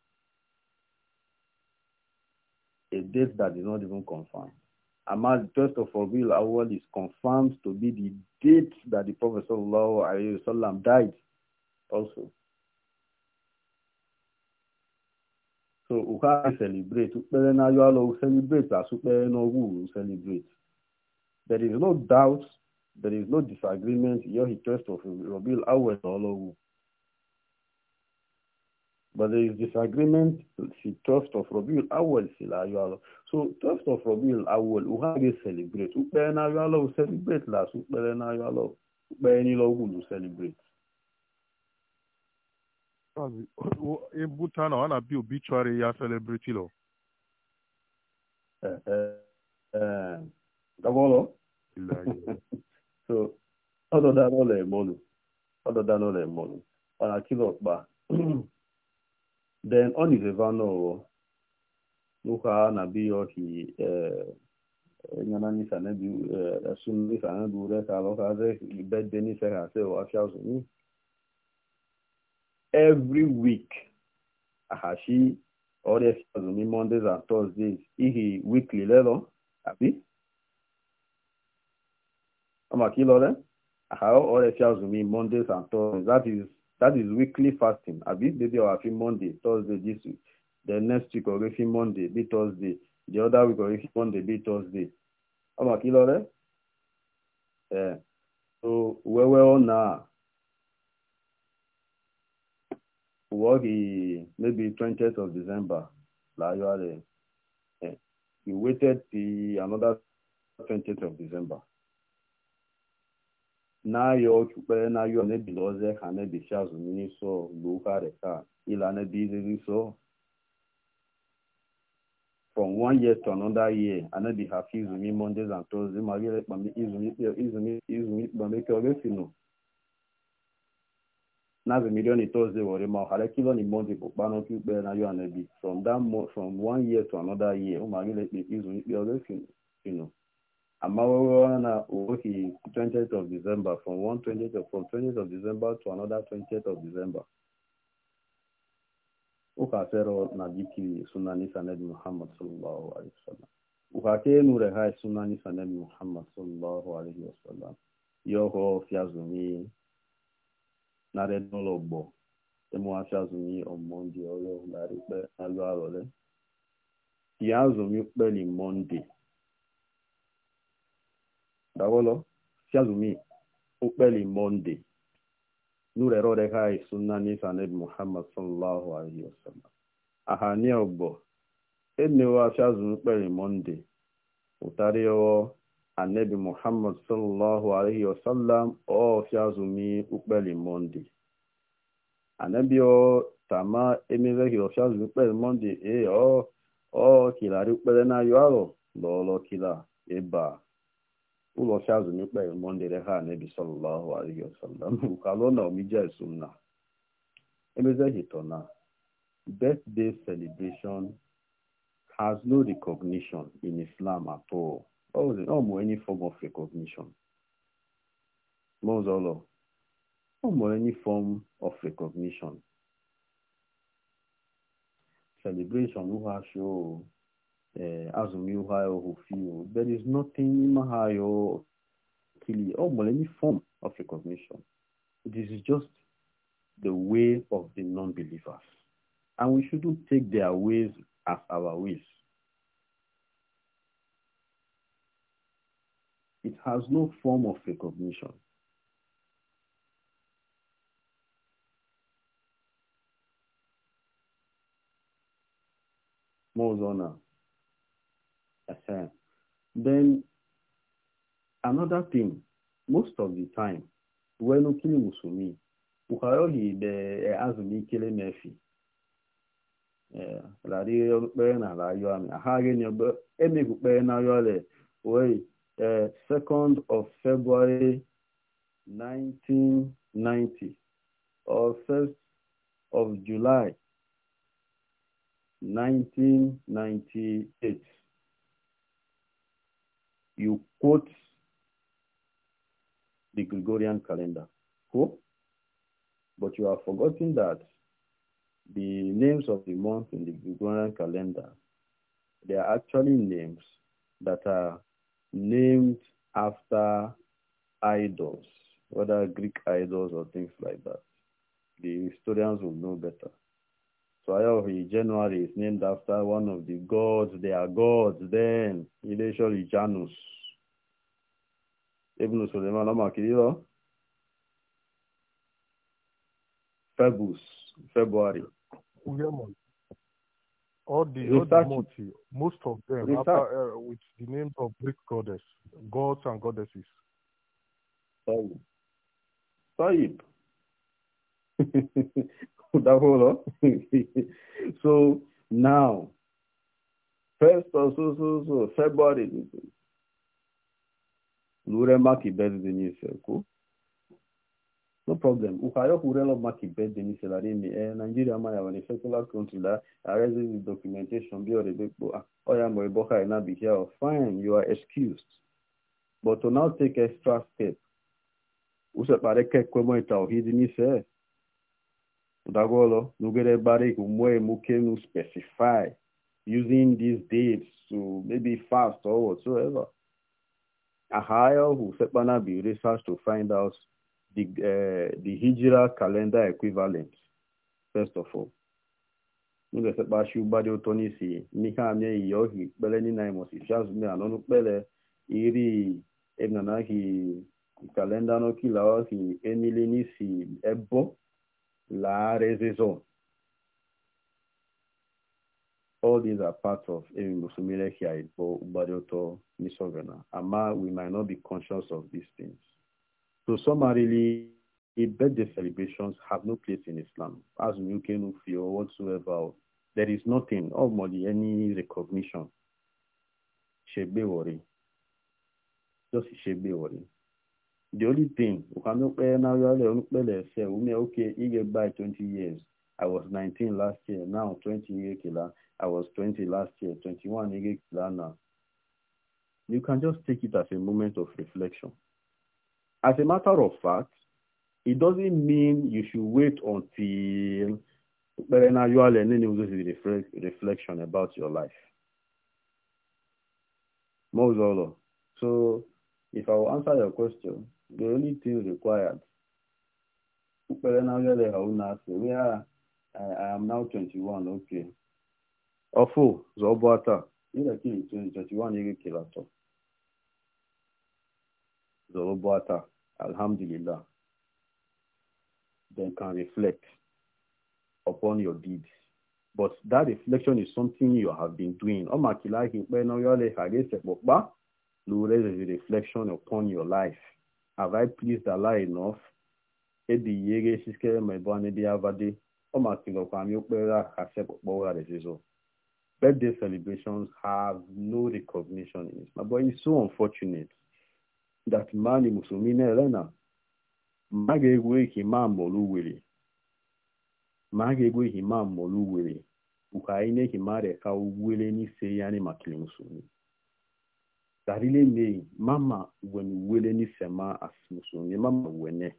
A date that is not even confirmed. Amal just of real awal is confirmed to be the date that the Prophet sallallahu alayhi wa died also. So we can celebrate. Ukpere na yo alo celebrate, as asukpere no wu celebrate. There is no doubt there is no disagreement your request of Robil Awel Olowu. But there is disagreement the trust of Robil Awel Silayualo. So trust of Robil Awel Uhage celebrate. Upena Yualo celebrate last Upena Yualo. Upeni Logulu celebrate. Ebutana wana bi obituary ya celebrity uh. Eh eh. Dagolo. Eh, so ọdọdá n'ụlọ emolu ọdọdá n'ụlọ emolu ọ na-akịla ọkpa then ọ niveva n'ụwa n'ụka na biyo ki e, e, nyana nisa na bi e, sun nisa na bi ure ka lọka ze bedde nisa ka se wa fi azụ ni hmm. every week ahashi ọrịa fi azụ ni mondays and thursdays ihi weekly lelo abi Amakilore. How all Efias will mean Mondays and Thursdays. That is that is weekly fasting. Abi baby or fi Monday, Thursday this week. The next week or fi Monday, be Thursday. The other week or fi Monday, be Thursday. Amakilore. Yeah. So where we are now. Wagi maybe twentieth of December. Like you are there. He waited till another twentieth of December. n'ahịa ọchụkpere n'ahịa ọnebili ọzọ ka nebichi azụ mmiri sọ gbuokarị ka ịla n'ebe iriri sọ from one year to another year anabi hafi izumi mondays and thursdays ma gịrị izumikpameke ogesinu nazi milioni thursday were ma ọhara kiloni monday bụ kpanụ oke ikpere na yo anabi from that from one year to another year ụmụ agịrị izumikpe ogesinu Amawawana Uwoki, 20th of December, from one 20th of, from 20th of December to another 20th of December. Ukasero na jiki sunani saned Muhammad sallallahu alaihi wasallam. Ukake nure hai sunani saned Muhammad sallallahu alaihi wasallam. Yoho fiazumi narednolobo. Emu afiazumi omondi oyo unaripe alu Fiazumi ukpeli Monday. dawolo siazumi ukpeli monde nurere oreka sunna nisa neb muhammad sallallahu alaihi wasallam ahani ogbo enewa siazumi ukpeli monde utariowo anebi muhammad sallallahu alaihi wasallam o siazumi ukpeli monde anebi o tama emezeki o siazumi ukpeli monde e o o kilari ukpele na yo alo lolo kila eba ụlọchi azụmikpe mondere ha nebi salụlọhụ alaihi wasalam ụkalụ na omija sunna emezehito na birthday celebration has no recognition in islam at all ọmụ any form of recognition mozolo ọmụ any form of recognition celebration ụha shoo Eh, azumi hayo feel There is nothing mahayo kili or oh, any form of recognition. This is just the way of the non-believers. And we shouldn't take their ways as our ways. It has no form of recognition. More on Aside. Then another thing, most of the time, when ukili musumi, ukayohi de eh, azumi kile mefi. Eh, Lari yokpere na la yoami. Ahage nyobe, emi kukpere na yole. Wey, 2nd eh, of February 1990 or 1st of July 1998. you quote the Gregorian calendar. Cool? But you are forgetting that the names of the months in the Gregorian calendar, they are actually names that are named after idols, whether Greek idols or things like that. The historians will know better. Soil of January is named after one of the gods. They are gods then. Ileshori Janus. Ibn Suleiman Amakiriwa. Febus, February. All the, all the multi, most of them Research. after, uh, with the names of Greek goddess, gods and goddesses. Soib. Soib. Davolo. so now, first of so, so, so, February. Lure maki birthday ni seko. No problem. Ukayo kurelo maki birthday ni selarimi. Eh, Nigeria maya wani secular country la. Arrest the documentation bi orebe bo. Oya mo eboka ina bikia. Fine, you are excused. But to now take extra step. Usepare kekwe mo ita ohidi ni seko. Dagolo, Nugerebari, Umwe Mukenu specify using these dates to maybe fast or whatsoever. Ahayo who Sepana be research to find out the uh, the Hijra calendar equivalent, first of all. Nuge Sepa Shubadi Otoni si, Nika Amye Yohi, Beleni Naimos, Shazmi Anonu Bele, Iri Ebnanahi, calendar no kilawa si, Emilini si, Ebo, La Rezezo. All these are part of Musumile Hiaibo, Ubarioto, Nisogana. Ama, we might not be conscious of these things. So summarily, birthday celebrations have no place in Islam, as you can feel whatsoever. There is nothing, almost any recognition. Shebe worry. Just shebe worry the only thing ukanukpele na yale unukpele se ume okay get by 20 years i was 19 last year now 20 years kila i was 20 last year 21 ige kila now you can just take it as a moment of reflection as a matter of fact it doesn't mean you should wait until ukpele na yale nini uzosi reflection about your life mozolo so if i will answer your question the only thing required ukpere na ogele ha una so we are I, I am now 21 okay ofu zo bota ila kini 21 yake kila to zo bota alhamdulillah then can reflect upon your deed. but that reflection is something you have been doing omakila hi pe na ogele ha ge se popa lure reflection upon your life have I pleased Allah enough? ediyere esiskere ma ebe anyị dị avadi ọ makilọkwa anyị okpere akasị kpọkpọ ụghara ezizo birthday celebrations have no recognition in Islam but it's so unfortunate that mani musulmi na-elena ma ga-egwu ehi ma mmolu were ma ga-egwu ehi ma anyị na ka uwere n'ise ya anyị makili musulmi tarile mei mama weni wele ni sema asmusumi mama wene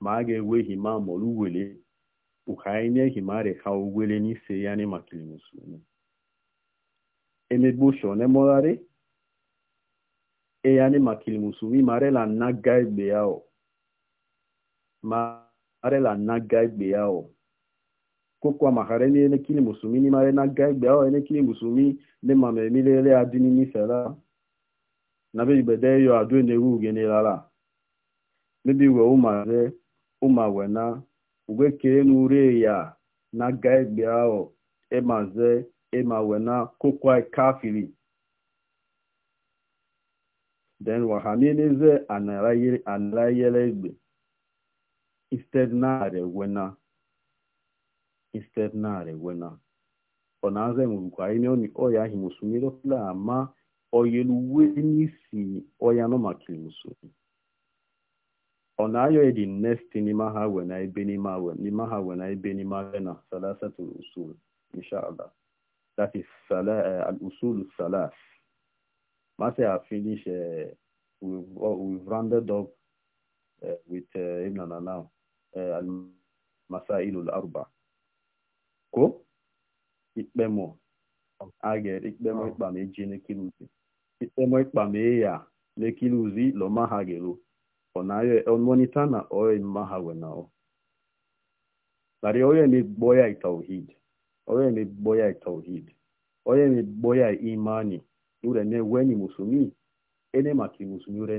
maage we hima molu wele uhaine himare ha wele ni se yani makili musumi emegbo shone molare e yani makili musumi mare la naga egbe yao mare la naga egbe yao kókó àmàkàrẹ ní ẹnẹkìlì mùsùlùmí ní máa náà gẹgbẹ ọ ẹnẹkìlì mùsùlùmí ní màmá ẹmí lẹlẹ adínní nífẹlá nàbẹ ìgbẹdẹ yọ àdó ẹnẹwù gẹni rárá níbi ìwẹ ó mà rẹ ó mà wẹ náà òwe kéré nu rẹ yà náà gẹgbẹ ọ ẹ then anara instead na. externar buena onaze mu rugwaine oni oya hi musumiro la ma oyelu wenisi oya no ọ musumi onayo edi next ni maha wena ibe ni ma ni maha wena ibe ni ma na salasatu usul inshallah that is sala uh, eh, al usul salas mase a finish uh, eh, we've, uh, oh, we've rounded up uh, with uh, ibn now uh, al masail al arba' ko ikpemo agere ikpemo oh. ikpa ma eji n'ekiri uzi ikpemo ikpa ma eya n'ekiri uzi lọma ha gero ọnayo na oyo mma ha onye na oyo emegboya itauhid oyo emegboya itauhid oyo emegboya imani ure ne weni musumi ene maki musumi ure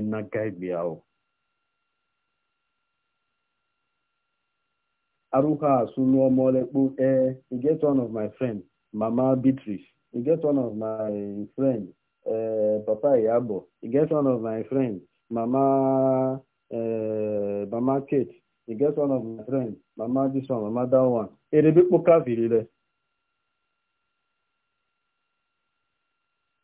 Aruha Sunuomolekpo, eh, e get one of my friends, Mama Beatrice. you get one of my friends, eh, Papa iyabo you get one of my friends, Mama, eh, Mama Kate. you get one of my friends, Mama this one, Mama that one. Erebekpo kavirile.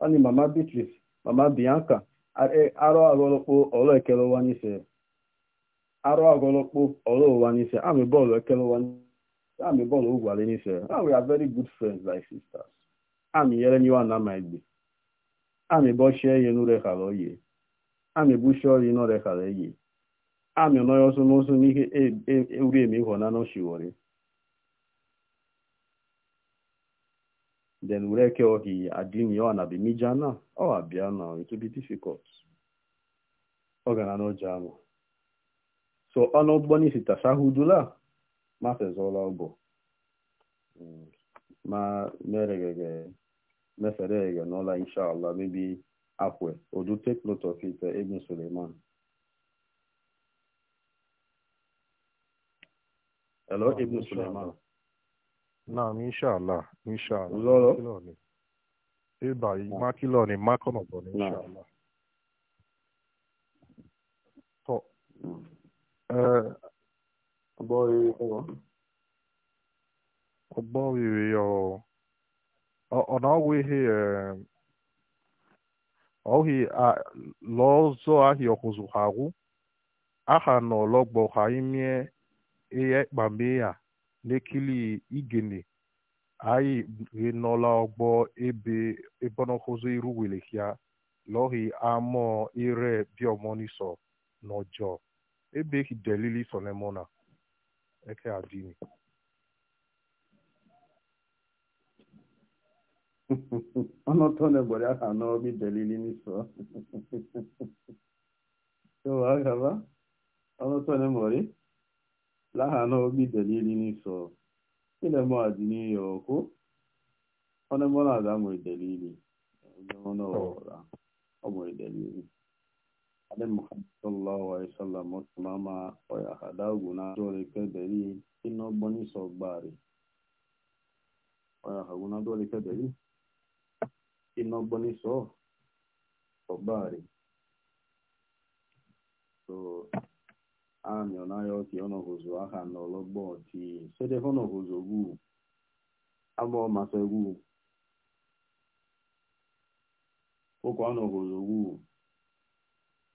Ani Mama Beatrice, Mama Bianca. Eh, Aro alolokpo ekele ụwa nise. arụ agọlọkpọ ọrụ ụwa amị bọọlụ ekele ụwa amị bọọlụ ụgwalị n'ise amị are very good friends like sisters amị nyere nyiwa na ma egbe amị bọchie ihe n'ure ghara amị buchie n'ụlọ n'ore ghara amị ọnọghị ọsọ n'ọsọ n'ihe ewuri e, e, ọ na ọ so ọnụ ụgbọ ụgbọni si tashahudula mafezola ọgụ ma meregege meferege n'ụlọ inshallah mebi akwe odu take note of it eh, ibn suleiman hello ibn suleiman naam inshallah inshallah uzolo ịba makiloni makọnọbọ inshallah tọ ọgbaghịrị ya ọ na-awụghị ọhị lọzọ ahịa ọkụzụ ha agwụ aha na ọlọgbọ ha imie ihe kpame ya n'ekili igene anyị nọla ọgbọ ebe e iru iruwelehia lọhị amọ ire biọmọnisọ n'ọjọọ ebeki dalili solemona yake ọnụ ọnọtọ na egbere aha n'obi dalili n'iso ewa agaba ọnọtọ na egbere laha n'obi dalili n'iso ilẹ̀ mọ́ àdínní ọkọ ọ̀nẹ́mọ́nà àdámọ̀ ìdẹ̀lì ni ọmọ ìdẹ̀lì ni. ade muhammad sallallahu alaihi wasallam mama oya hadagu na dole ke beri ino boni gbari oya hagu na dole ke beri ino boni so gbari so amyo na yo ki ono aha no logbo ti se de ono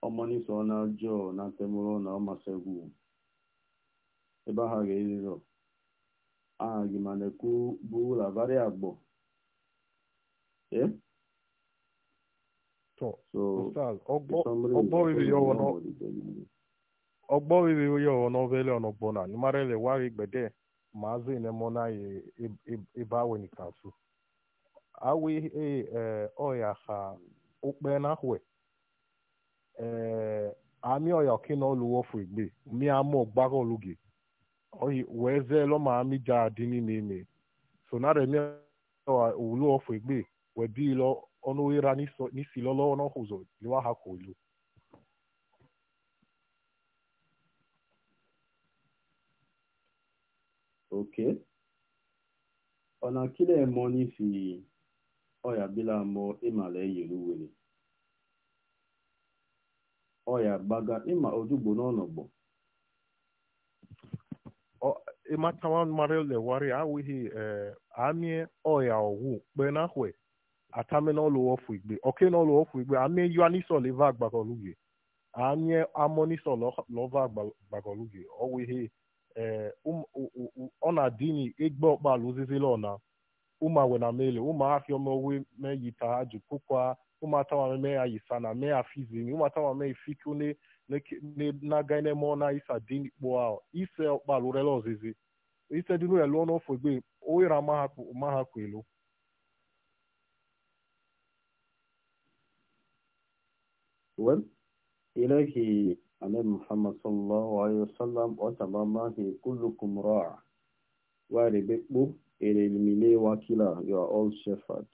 ọmọnìsọ na jọọ na temụrụ na ọmasegwu ebe ha ga-eriro ahagi mana ekwu bụla vari agbọ eh so ọgbọ riri onye ọhọ n'obele ọnọgbọ na nimarele wari gbede maazi nemona ebe awe nikasu awe e, ọya ha okpe na hwe Eh, ami ọyọkị na ọlụwofu igbe mi ama ọgbara olugi oyi wee zeelo ma ami ja adị n'ime so nara emi oluwofu egbe wee bi ilo ọnụ ira n'isi lọlọ n'ọhụzọ liwa ha ka olu okay ọna kile mo ni fi ọya bila mo imala eyelu wele ọya gbaga ịma odugbo n'ọnọgbọ ịmatawa mara lewari awụghị e, amie ọya ọgwụ kpenahwe atame n'ọlụwọfụ igbe oke n'ọlụwọfụ igbe amie yuaniso leva agbagọlugie amie amoniso lova agbagọlugie ọwụghị ọ e, na-adịni egbe ọkpalụ zizilọ na ụmụ awe na mele ụmụ afịa ọmọwe meyita ajụ pụkwa a ụmụata wameme ya yisana mee afizin ụmụata wame ifiku na-aga ne mụọ na isa din kpo ahụ ise ọkpalụrela ọzizi ise dinu ya lụọ n'ofe gbe oyira mahakwu ilu well ilahi anabi muhammad sallallahu alaihi wasallam watabamahi kullukum ra'a wa ribekpo erelmile wakila you are all shepherds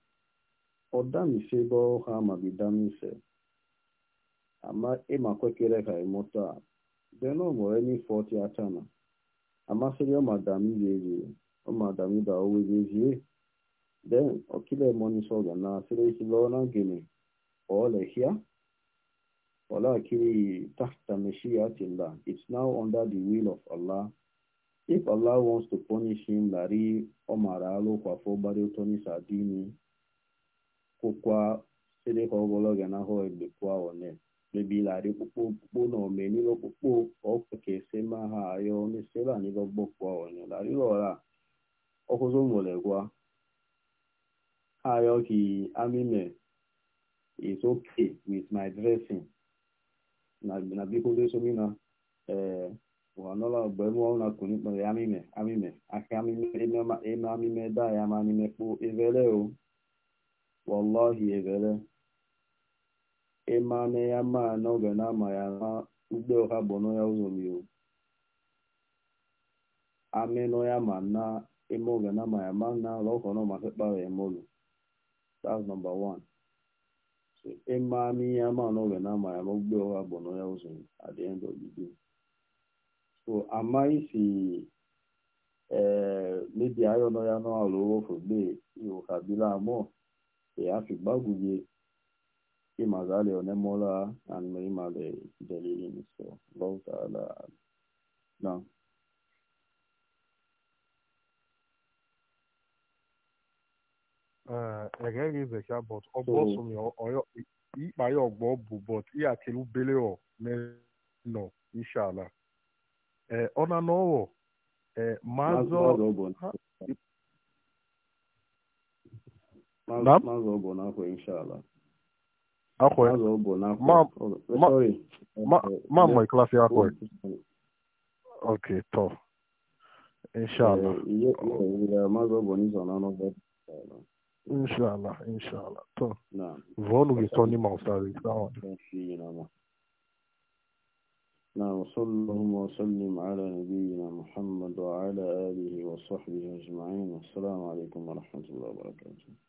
ọdamisebo ha magidamise ama kwekere ka ịmụta denomoreni fọti atana amasịrị ọmadamizi ọmadamida owegezie den okilemonisa ọga na asịrị hilona gini olehia Walakiri tahta mashiyatilla. It's now under the will of Allah. If Allah wants to punish him, kụkwa sere ka ọgọlọgị na ahụ egbe kwa one mebilari kpụkpọ kpụkpọ na omenilo kpụkpọ ọkweke sema ha ayọ nesela nilọgbọ kwa one larilọra ọkụzọ nwere gwa ha ayọ ki amime is okay with my dressing na na biko desomina ee eh, ụhanọla mgbe mụọ na kụnikpere amime amime aka amime eme amime daa ya ma amime kpụ evele o wallahi egere ịmame e ya ma n'oge na ama ya na ugbe ọha bụ n'ọya ụzọ mmiri ame n'ọya ma na ime oge na ama ya ma na lọkọ nọ ma kpara ya molu that's number one so e amị ya ma n'oge na ama ya ma ugbe ọha bụ n'ọya ụzọ at the end of the day so amaghị si ee eh, mebi ayọ nọ ya n'ọlụ ofu gbe iwu kabila abụọ yafi gbaguye imazali onemola and imale delilin so allah ta'ala eh, no egeghị ibecha but ọgbọsụm ikpa ya ọgbọ bụ but ịachịlụ bele ọ nọ inshallah ọ na n'ọwọ mazọ Mazụ ọbụ n'afọ inshallah. n'afọ. Oh, ma eh, ma ma eh, eh, ma akwai? Oh. Ok Inshallah. na n'ọbụ. Inshallah inshallah tọ. Vọọlụ gị sọ n'ime ọsarị. نعم اللهم وسلم على نبينا محمد وعلى وصحبه